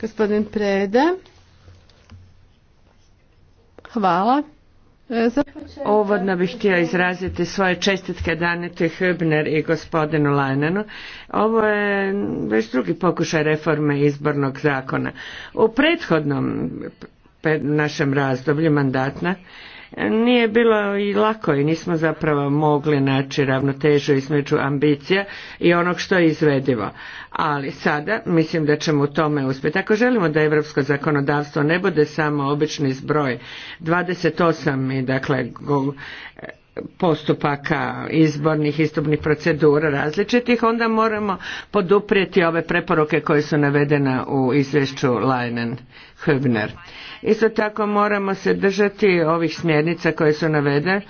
Gospodin Preda. Hvala. E, Uvodno bih htio izraziti svoje čestitke Danete Hübner i gospodinu Lajnanu. Ovo je već drugi pokušaj reforme izbornog zakona. U prethodnom našem razdoblju mandatna nije bilo i lako i nismo zapravo mogli naći ravnotežu između ambicija i onog što je izvedivo. Ali sada mislim da ćemo u tome uspjeti. Ako želimo da europsko zakonodavstvo ne bude samo obični zbroj 28 i dakle postupaka izbornih istupnih procedura različitih onda moramo poduprijeti ove preporuke koje su navedene u izvješću Leinen. Hübner. Isto tako moramo se držati ovih smjernica koje su navedene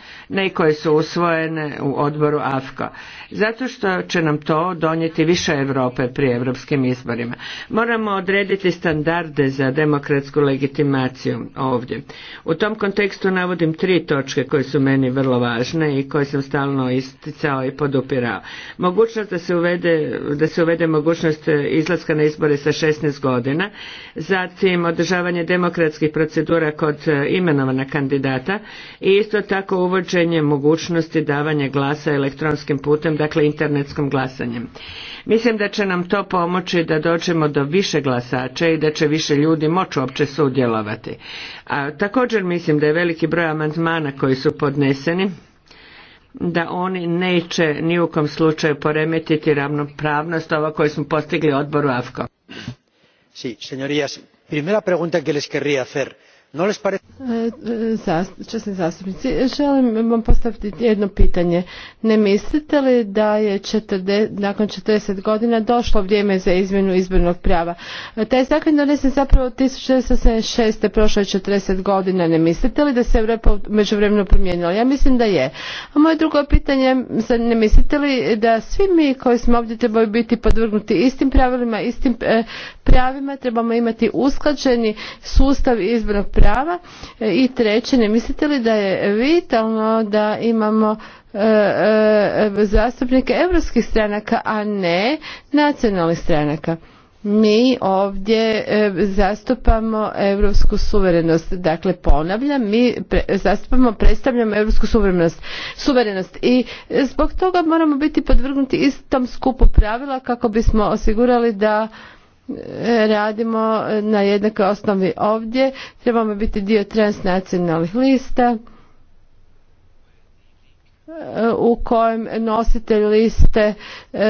i koje su usvojene u odboru afka. Zato što će nam to donijeti više Europe pri europskim izborima. Moramo odrediti standarde za demokratsku legitimaciju ovdje. U tom kontekstu navodim tri točke koje su meni vrlo važne i koje sam stalno isticao i podupirao. Mogućnost da se uvede, da se uvede mogućnost izlaska na izbore sa 16 godina, zatim održavanje demokratskih procedura kod e, imenovana kandidata i isto tako uvođenje mogućnosti davanja glasa elektronskim putem, dakle internetskom glasanjem. Mislim da će nam to pomoći da dođemo do više glasača i da će više ljudi moći uopće sudjelovati. A također mislim da je veliki broj amandmana koji su podneseni da oni neće ni u kom slučaju poremetiti ravnopravnost ova koju smo postigli odboru AFKO. Sí, señorías, primera pregunta que les querría hacer. No e, e, zastupnici, želim vam postaviti jedno pitanje. Ne mislite li da je nakon četrdeset godina došlo vrijeme za izmjenu izbornog prava? E, taj zakon donesen zapravo 1976. prošlo je četrdeset godina. Ne mislite li da se Europa međuvremeno promijenila? Ja mislim da je. A moje drugo pitanje, ne mislite li da svi mi koji smo ovdje trebaju biti podvrgnuti istim pravilima, istim pravima, trebamo imati usklađeni sustav izbornog prava? prava e, i treće ne mislite li da je vitalno da imamo e, e, zastupnike europskih stranaka a ne nacionalnih stranaka mi ovdje zastupamo europsku suverenost dakle ponavljam mi zastupamo predstavljamo europsku suverenost, suverenost i zbog toga moramo biti podvrgnuti istom skupu pravila kako bismo osigurali da radimo na jednakoj osnovi ovdje. Trebamo biti dio transnacionalnih lista u kojem nositelj liste e,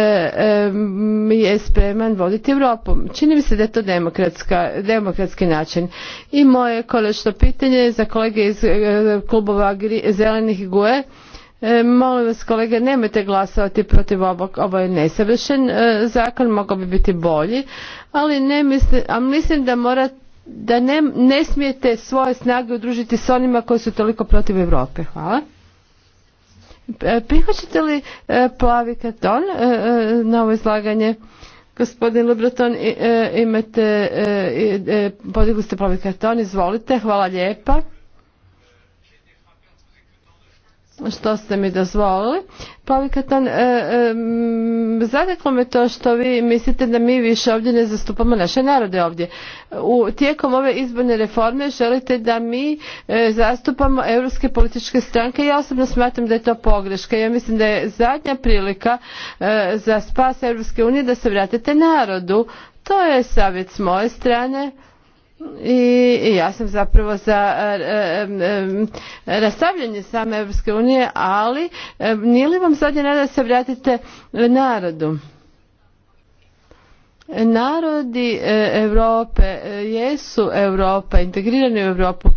e, je spreman voditi Europu. Čini mi se da je to demokratski način. I moje konačno pitanje za kolege iz e, klubova Zelenih i Gue E, molim vas kolege, nemojte glasovati protiv ovog, ovo je nesavršen e, zakon, mogao bi biti bolji, ali ne mislim, a mislim da mora, da ne, smijete svoje snage udružiti s onima koji su toliko protiv Europe. Hvala. E, prihvaćate li e, plavi karton e, na ovo izlaganje? Gospodin Lubroton, imate, podigli ste plavi karton, izvolite, hvala lijepa što ste mi dozvolili. e, e zadeklo me to što vi mislite da mi više ovdje ne zastupamo naše narode ovdje. U, tijekom ove izborne reforme želite da mi e, zastupamo europske političke stranke. Ja osobno smatram da je to pogreška. Ja mislim da je zadnja prilika e, za spas Europske unije da se vratite narodu. To je savjet s moje strane i ja sam zapravo za e, e, e, rastavljanje same Europske unije, ali nije li vam zadnje nada da se vratite narodu? Narodi Europe jesu Europa, integrirani u Europu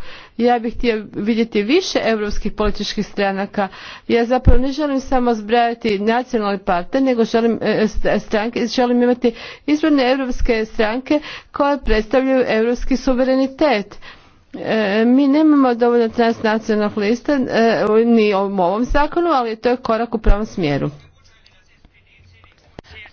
ja bih htio vidjeti više europskih političkih stranaka. Ja zapravo ne želim samo zbrajati nacionalne partije, nego želim e, želim imati izvorne europske stranke koje predstavljaju europski suverenitet. E, mi nemamo dovoljno transnacionalnih lista e, ni u ovom zakonu, ali to je korak u pravom smjeru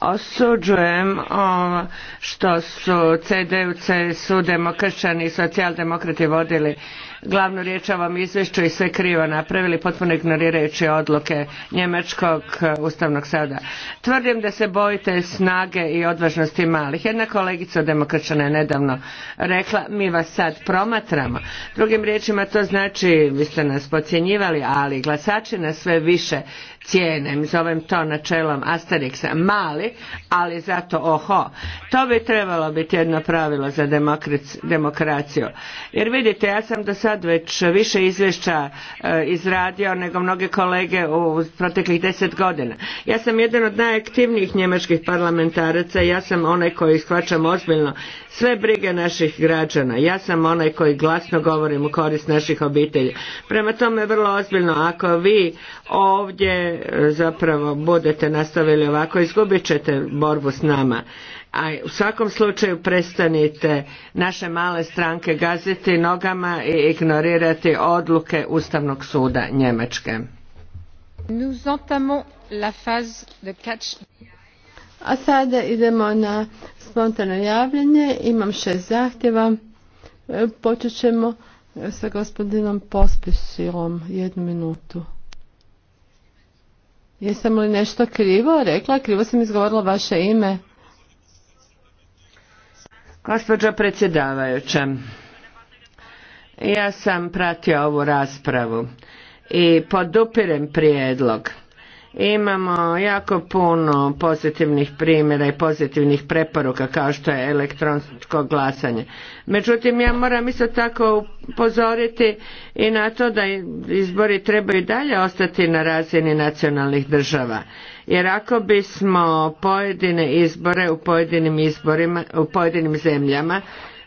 osuđujem um, što su CDU, su demokršćani i socijaldemokrati vodili glavnu riječ o ovom izvješću i sve krivo napravili, potpuno ignorirajući odluke Njemačkog uh, ustavnog sada. Tvrdim da se bojite snage i odvažnosti malih. Jedna kolegica demokršćana je nedavno rekla, mi vas sad promatramo. Drugim riječima to znači, vi ste nas podcjenjivali, ali glasači nas sve više cijene, zovem to načelom Asterixa, mali ali, zato oho. To bi trebalo biti jedno pravilo za demokraciju. Jer vidite, ja sam do sad već više izvješća e, izradio nego mnoge kolege u proteklih deset godina. Ja sam jedan od najaktivnijih njemačkih parlamentaraca, ja sam onaj koji shvaćam ozbiljno sve brige naših građana. Ja sam onaj koji glasno govorim u korist naših obitelji. Prema tome vrlo ozbiljno, ako vi ovdje e, zapravo budete nastavili ovako, izgubit će borbu s nama. A u svakom slučaju prestanite naše male stranke gaziti nogama i ignorirati odluke Ustavnog suda Njemačke. A sada idemo na spontano javljanje. Imam šest zahtjeva. E, počet ćemo sa gospodinom Pospisilom jednu minutu. Jesam li nešto krivo rekla? Krivo sam izgovorila vaše ime. Gospođo predsjedavajuća, ja sam pratio ovu raspravu i podupirem prijedlog Imamo jako puno pozitivnih primjera i pozitivnih preporuka kao što je elektronsko glasanje. Međutim, ja moram isto tako upozoriti i na to da izbori trebaju dalje ostati na razini nacionalnih država. Jer ako bismo pojedine izbore u pojedinim, izborima, u pojedinim zemljama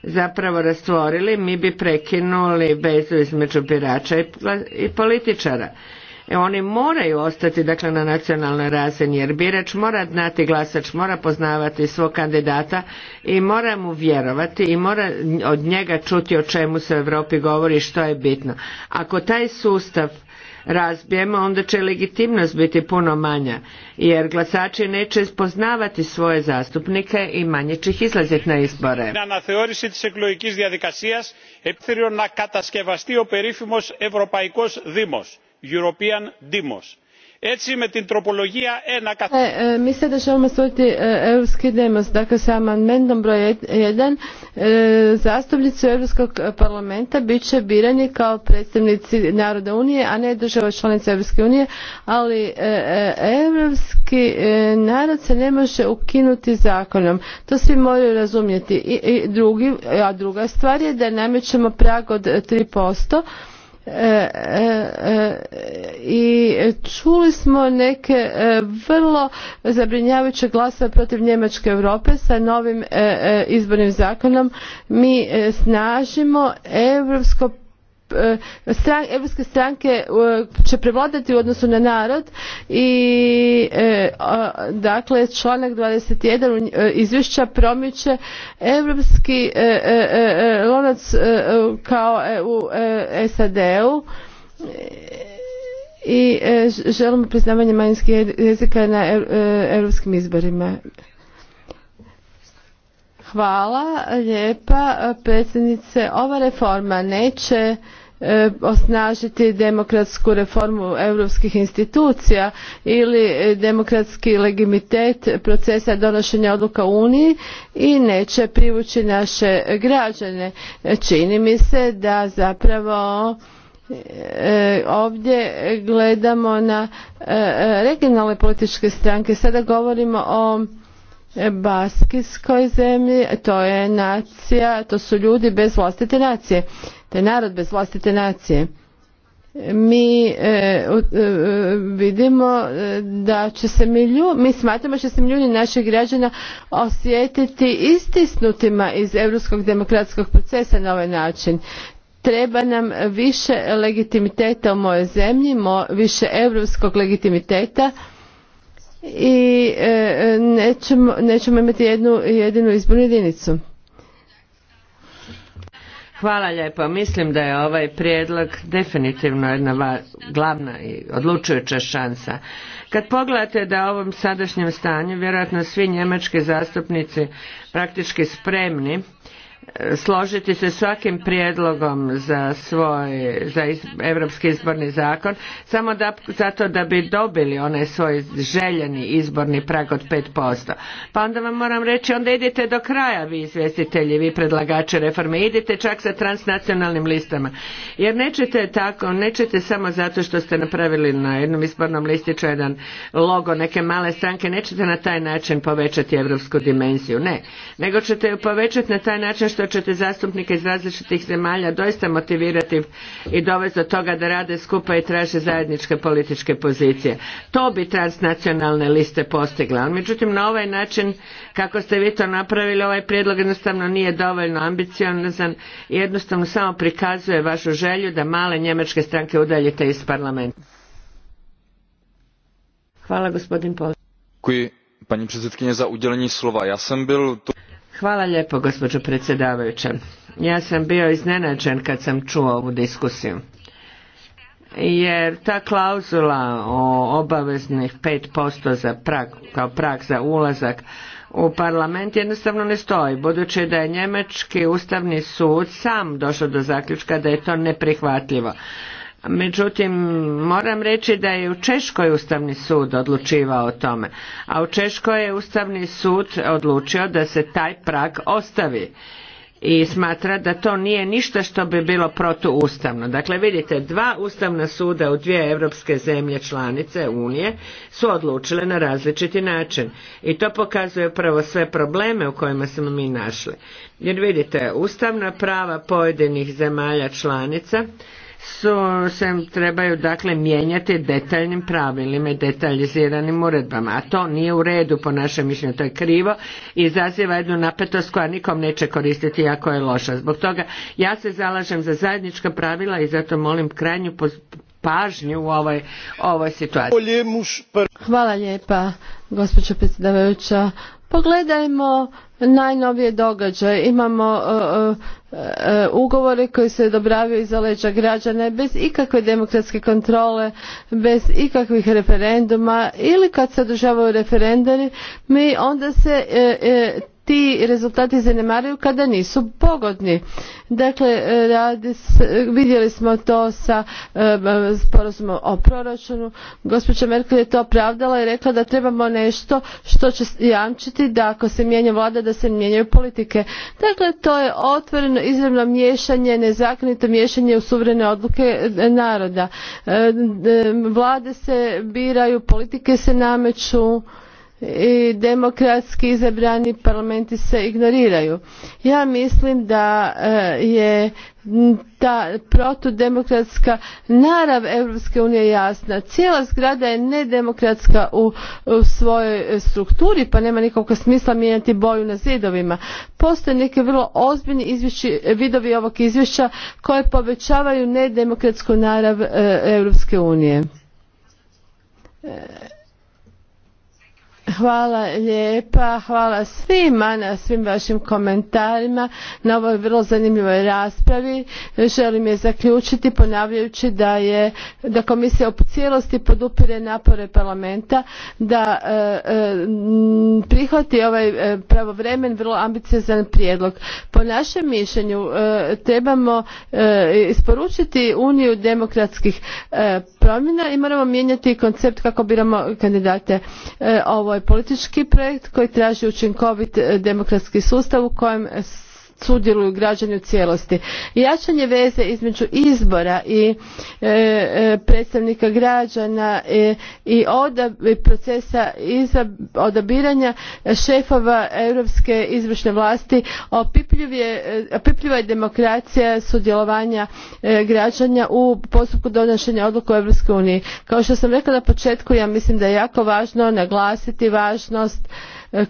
zapravo rastvorili, mi bi prekinuli vezu između birača i političara E, oni moraju ostati dakle na nacionalnoj razini jer birač mora znati glasač mora poznavati svog kandidata i mora mu vjerovati i mora od njega čuti o čemu se u Europi govori što je bitno. Ako taj sustav razbijemo onda će legitimnost biti puno manja jer glasači neće poznavati svoje zastupnike i manje će ih izlaziti na izbore. na European Demos. Έτσι με την τροπολογία e, Mi sada želimo stvoriti e, Europski demos. Dakle, sa amandmanom broj 1 e, e, zastupnici Europskog parlamenta bit će birani kao predstavnici Naroda Unije, a ne država članica Europske unije, ali Europski narod se ne može ukinuti zakonom. To svi moraju razumjeti. I, a druga stvar je da namećemo prag od 3%. E, e, e, i čuli smo neke vrlo zabrinjavajuće glasove protiv Njemačke Europe sa novim izbornim zakonom mi snažimo europsko europske stranke e, će prevladati u odnosu na narod i e, dakle članak 21 e, izvješća promiče europski lonac kao u SAD-u i želimo priznavanje manjinskih jezika na europskim izborima. Hvala lijepa e, predsjednice. Ova reforma neće e, osnažiti demokratsku reformu europskih institucija ili e, demokratski legitimitet procesa donošenja odluka uniji i neće privući naše građane. čini mi se da zapravo ovdje gledamo na regionalne političke stranke sada govorimo o E, baskijskoj zemlji, to je nacija, to su ljudi bez vlastite nacije, to je narod bez vlastite nacije. Mi e, e, vidimo da će se milju, mi smatramo da će se milijuni naših građana osjetiti istisnutima iz europskog demokratskog procesa na ovaj način. Treba nam više legitimiteta u mojoj zemlji, više europskog legitimiteta i e, e, nećemo, nećemo imati jednu jedinu izbornu jedinicu. Hvala lijepo. Mislim da je ovaj prijedlog definitivno jedna glavna i odlučujuća šansa. Kad pogledate da ovom sadašnjem stanju vjerojatno svi njemački zastupnici praktički spremni složiti se svakim prijedlogom za svoj za europski izborni zakon samo da, zato da bi dobili onaj svoj željeni izborni prag od 5%. Pa onda vam moram reći onda idite do kraja vi izvjestitelji, vi predlagači reforme, idite čak sa transnacionalnim listama. Jer nećete tako, nećete samo zato što ste napravili na jednom izbornom listiću jedan logo neke male stranke, nećete na taj način povećati europsku dimenziju, ne. Nego ćete ju povećati na taj način što što ćete zastupnike iz različitih zemalja doista motivirati i dovesti do toga da rade skupa i traže zajedničke političke pozicije. To bi transnacionalne liste postigle. međutim na ovaj način kako ste vi to napravili ovaj prijedlog jednostavno nije dovoljno ambiciozan i jednostavno samo prikazuje vašu želju da male njemačke stranke udaljite iz parlamenta. Hvala gospodin Pol. za udělení slova. Ja sam Hvala lijepo, gospođo predsjedavajuća. Ja sam bio iznenađen kad sam čuo ovu diskusiju. Jer ta klauzula o obaveznih 5% za prag, kao prag za ulazak u parlament jednostavno ne stoji, budući da je njemački ustavni sud sam došao do zaključka da je to neprihvatljivo. Međutim, moram reći da je u Češkoj Ustavni sud odlučivao o tome, a u Češkoj je Ustavni sud odlučio da se taj prag ostavi i smatra da to nije ništa što bi bilo protuustavno. Dakle, vidite, dva ustavna suda u dvije europske zemlje članice Unije su odlučile na različiti način. I to pokazuje upravo sve probleme u kojima smo mi našli. Jer vidite, ustavna prava pojedinih zemalja članica su, se trebaju dakle mijenjati detaljnim pravilima i detaljiziranim uredbama, a to nije u redu po našem mišljenju, to je krivo i izaziva jednu napetost koja nikom neće koristiti ako je loša. Zbog toga ja se zalažem za zajednička pravila i zato molim krajnju pažnju u ovoj, ovoj situaciji. Hvala lijepa gospođo predsjedavajuća. Pogledajmo najnovije događaje. Imamo uh, uh, uh, ugovore koji se odobravaju iza leđa građane bez ikakve demokratske kontrole, bez ikakvih referenduma ili kad se održavaju referendari, mi onda se ti rezultati zanemaraju kada nisu pogodni. Dakle, radi vidjeli smo to sa sporazumom o proračunu. Gospođa Merkel je to opravdala i rekla da trebamo nešto što će jamčiti da ako se mijenja vlada da se mijenjaju politike. Dakle, to je otvoreno izravno miješanje, nezakonito miješanje u suverene odluke e, naroda. vlade se biraju, politike se nameću i demokratski izabrani parlamenti se ignoriraju. Ja mislim da e, je ta protudemokratska narav Europske unije jasna. Cijela zgrada je nedemokratska u, svojoj strukturi, pa nema nikakvog smisla mijenjati boju na zidovima. Postoje neke vrlo ozbiljni izvješći, vidovi ovog izvješća koje povećavaju nedemokratsku narav e, Europske unije. E, Hvala lijepa, hvala svima na svim vašim komentarima na ovoj vrlo zanimljivoj raspravi. Želim je zaključiti ponavljajući da je da komisija u cijelosti podupire napore parlamenta da e, e, prihvati ovaj e, pravovremen vrlo ambiciozan prijedlog. Po našem mišljenju trebamo isporučiti uniju demokratskih promjena i moramo mijenjati koncept kako biramo kandidate ovoj politički projekt koji traži učinkovit e, demokratski sustav u kojem sudjeluju građani u cijelosti. Jačanje veze između izbora i e, e, predstavnika građana e, i, i procesa odabiranja šefova europske izvršne vlasti opipljiva je, demokracija sudjelovanja e, građana u postupku donošenja odluka u Europskoj uniji. Kao što sam rekla na početku, ja mislim da je jako važno naglasiti važnost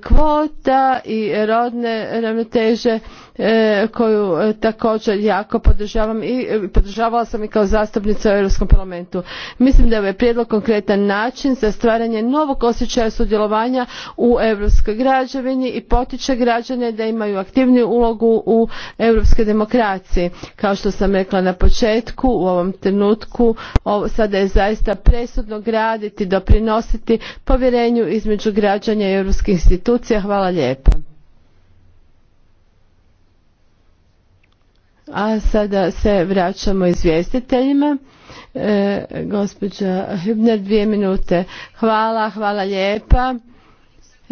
kvota i rodne ravnoteže E, koju e, također jako podržavam i e, podržavala sam i kao zastupnica u Europskom parlamentu. Mislim da je ovaj prijedlog konkretan način za stvaranje novog osjećaja sudjelovanja u europskoj građevini i potiče građane da imaju aktivniju ulogu u europskoj demokraciji. Kao što sam rekla na početku, u ovom trenutku sada je zaista presudno graditi, doprinositi povjerenju između građana i europskih institucija. Hvala lijepa. A sada se vraćamo izvjestiteljima. E, gospođa Hübner, dvije minute. Hvala, hvala lijepa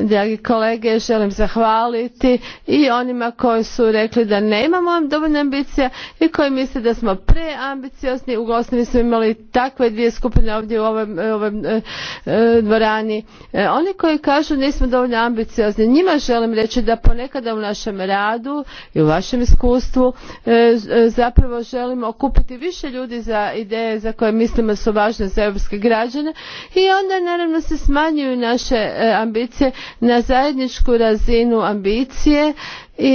dragi kolege želim zahvaliti i onima koji su rekli da nemamo dovoljno ambicija i koji misle da smo preambiciozni u gosni smo imali takve dvije skupine ovdje u ovoj, e, e, dvorani e, oni koji kažu nismo dovoljno ambiciozni njima želim reći da ponekada u našem radu i u vašem iskustvu zapravo želimo okupiti više ljudi za ideje za koje mislimo su važne za europske građane i onda naravno se smanjuju naše ambicije na zajedničku razinu ambicije i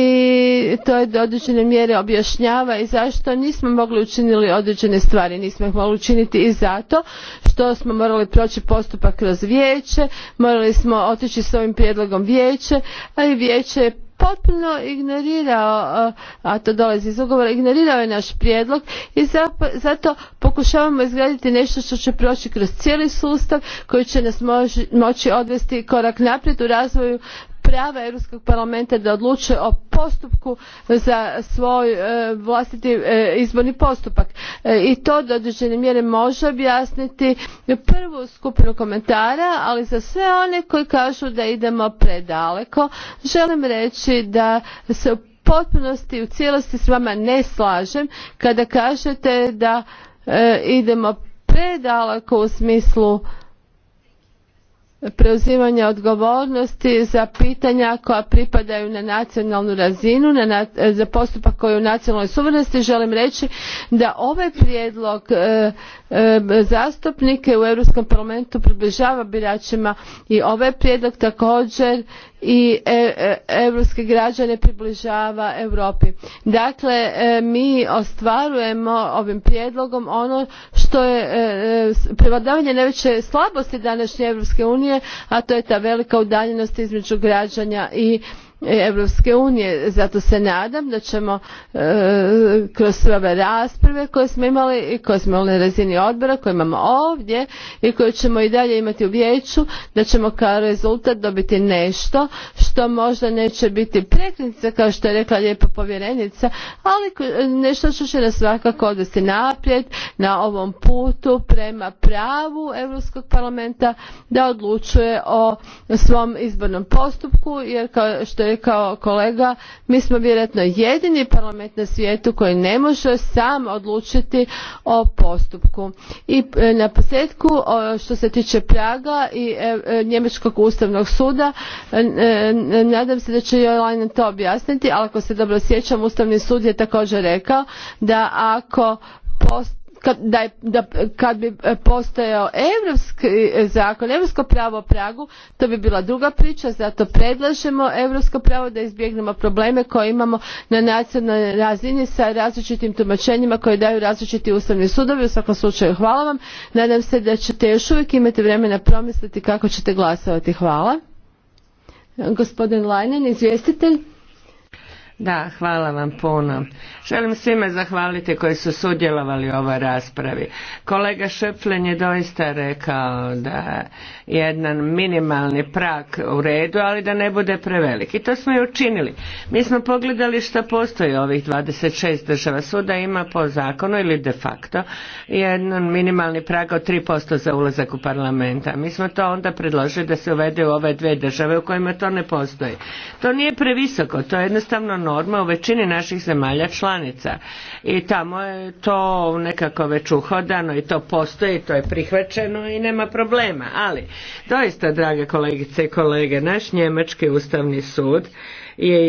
to je do određene mjere objašnjava i zašto nismo mogli učiniti određene stvari nismo ih mogli učiniti i zato što smo morali proći postupak kroz vijeće morali smo otići s ovim prijedlogom vijeće a i vijeće je potpuno ignorirao, eh, a to dolazi iz ugovora, ignorirao je naš prijedlog i zato pokušavamo izgraditi nešto što će proći kroz cijeli sustav koji će nas moći odvesti korak naprijed u razvoju prava europskog parlamenta da odlučuje o postupku za svoj e, vlastiti e, izborni postupak e, i to do određene mjere može objasniti prvu skupinu komentara ali za sve one koji kažu da idemo predaleko želim reći da se u potpunosti u cijelosti s vama ne slažem kada kažete da idemo predaleko u smislu preuzimanja odgovornosti za pitanja koja pripadaju na nacionalnu razinu za postupak koji je u nacionalnoj suverenosti želim reći da ovaj prijedlog e, e, zastupnike u europskom parlamentu približava biračima i ovaj prijedlog također i europske e, građane približava Europi. Dakle, e, mi ostvarujemo ovim prijedlogom ono što je e, prevladavanje najveće slabosti današnje Europske unije, a to je ta velika udaljenost između građana i Europske unije. Zato se nadam da ćemo e, kroz sve ove rasprave koje smo imali i koje smo imali na razini odbora koje imamo ovdje i koje ćemo i dalje imati u vijeću da ćemo kao rezultat dobiti nešto što možda neće biti prekretnica kao što je rekla lijepa povjerenica ali nešto što će nas svakako odvesti naprijed na ovom putu prema pravu Europskog parlamenta da odlučuje o svom izbornom postupku jer kao što je kao kolega, mi smo vjerojatno jedini parlament na svijetu koji ne može sam odlučiti o postupku. I e, na što se tiče Praga i e, e, Njemačkog ustavnog suda, nadam se da će Jolajna to objasniti, ali ako se dobro sjećam, Ustavni sud je također rekao da ako post kad, da, bi e, postojao europski e, zakon europsko pravo o pragu to bi bila druga priča zato predlažemo europsko pravo da izbjegnemo probleme koje imamo na nacionalnoj razini sa različitim tumačenjima koje daju različiti ustavni sudovi u svakom slučaju hvala vam nadam se da ćete još uvijek imati vremena promisliti kako ćete glasovati hvala gospodin Lajnen izvjestitelj da, hvala vam puno. Želim svima zahvaliti koji su sudjelovali u ovoj raspravi. Kolega Šeflen je doista rekao da je jedan minimalni prag u redu, ali da ne bude prevelik. I to smo i učinili. Mi smo pogledali što postoji ovih 26 država. Suda ima po zakonu ili de facto jedan minimalni prag od 3% za ulazak u parlamenta. Mi smo to onda predložili da se uvede u ove dve države u kojima to ne postoji. To nije previsoko, to je jednostavno norma u većini naših zemalja članica i tamo je to nekako već uhodano i to postoji, to je prihvaćeno i nema problema, ali doista drage kolegice i kolege, naš njemački ustavni sud je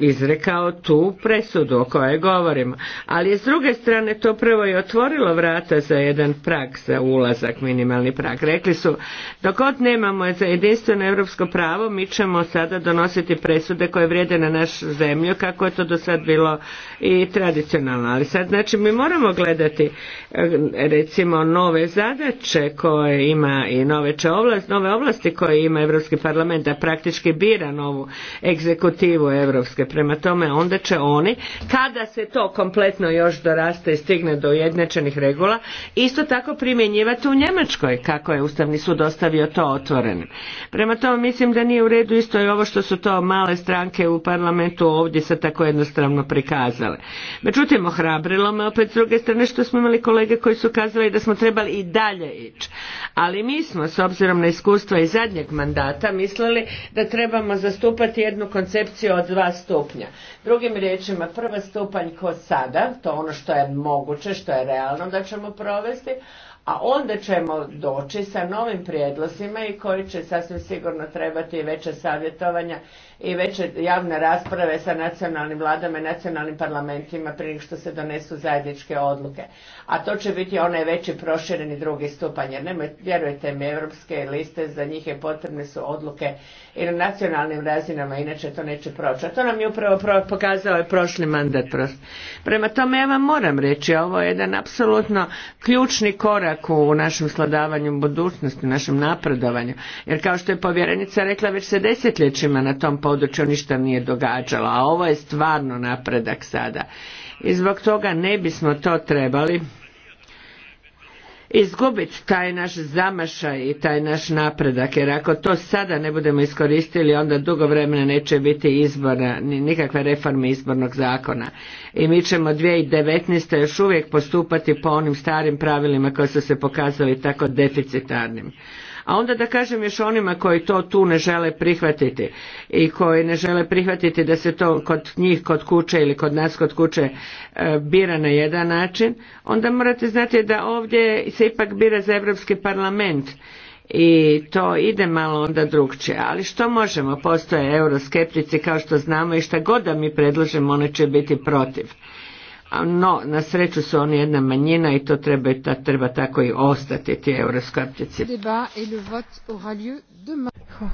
izrekao tu presudu o kojoj govorimo. Ali je s druge strane to prvo i otvorilo vrata za jedan prag, za ulazak, minimalni prag. Rekli su, dok god nemamo za jedinstveno europsko pravo, mi ćemo sada donositi presude koje vrijede na našu zemlju, kako je to do sad bilo i tradicionalno. Ali sad, znači, mi moramo gledati, eh, recimo, nove zadaće koje ima i nove, će ovlast, nove ovlasti koje ima Europski parlament, da praktički bira novu egzekutivu Europske Prema tome onda će oni, kada se to kompletno još doraste i stigne do ujednačenih regula, isto tako primjenjivati u Njemačkoj, kako je Ustavni sud ostavio to otvoren. Prema tome mislim da nije u redu isto i ovo što su to male stranke u parlamentu ovdje se tako jednostavno prikazale. Međutim, ohrabrilo me opet s druge strane što smo imali kolege koji su kazali da smo trebali i dalje ići. Ali mi smo, s obzirom na iskustva i zadnjeg mandata, mislili da trebamo zastupati jednu koncepciju od dva stupnja. Drugim riječima, prva stupanj ko sada, to ono što je moguće, što je realno da ćemo provesti, a onda ćemo doći sa novim prijedlozima i koji će sasvim sigurno trebati veće savjetovanja i veće javne rasprave sa nacionalnim vladama i nacionalnim parlamentima prije što se donesu zajedničke odluke. A to će biti onaj veći prošireni drugi stupanj. Jer nemoj, vjerujte mi, evropske liste za njih je potrebne su odluke i na nacionalnim razinama, inače to neće proći. A to nam je upravo pokazao je prošli mandat. Prema tome ja vam moram reći, ovo je jedan apsolutno ključni korak u našem sladavanju budućnosti, našem napredovanju. Jer kao što je povjerenica rekla, već se desetljećima na tom području ništa nije događalo, a ovo je stvarno napredak sada. I zbog toga ne bismo to trebali izgubiti taj naš zamašaj i taj naš napredak, jer ako to sada ne budemo iskoristili, onda dugo vremena neće biti izbora, nikakve reforme izbornog zakona. I mi ćemo 2019. još uvijek postupati po onim starim pravilima koje su se pokazali tako deficitarnim. A onda da kažem još onima koji to tu ne žele prihvatiti i koji ne žele prihvatiti da se to kod njih kod kuće ili kod nas kod kuće e, bira na jedan način, onda morate znati da ovdje se ipak bira za Europski parlament i to ide malo onda drugčije. Ali što možemo? Postoje euroskeptici kao što znamo i šta god da mi predložimo oni će biti protiv no na sreću su oni jedna manjina i to treba, ta, treba tako i ostati ti euroskeptici.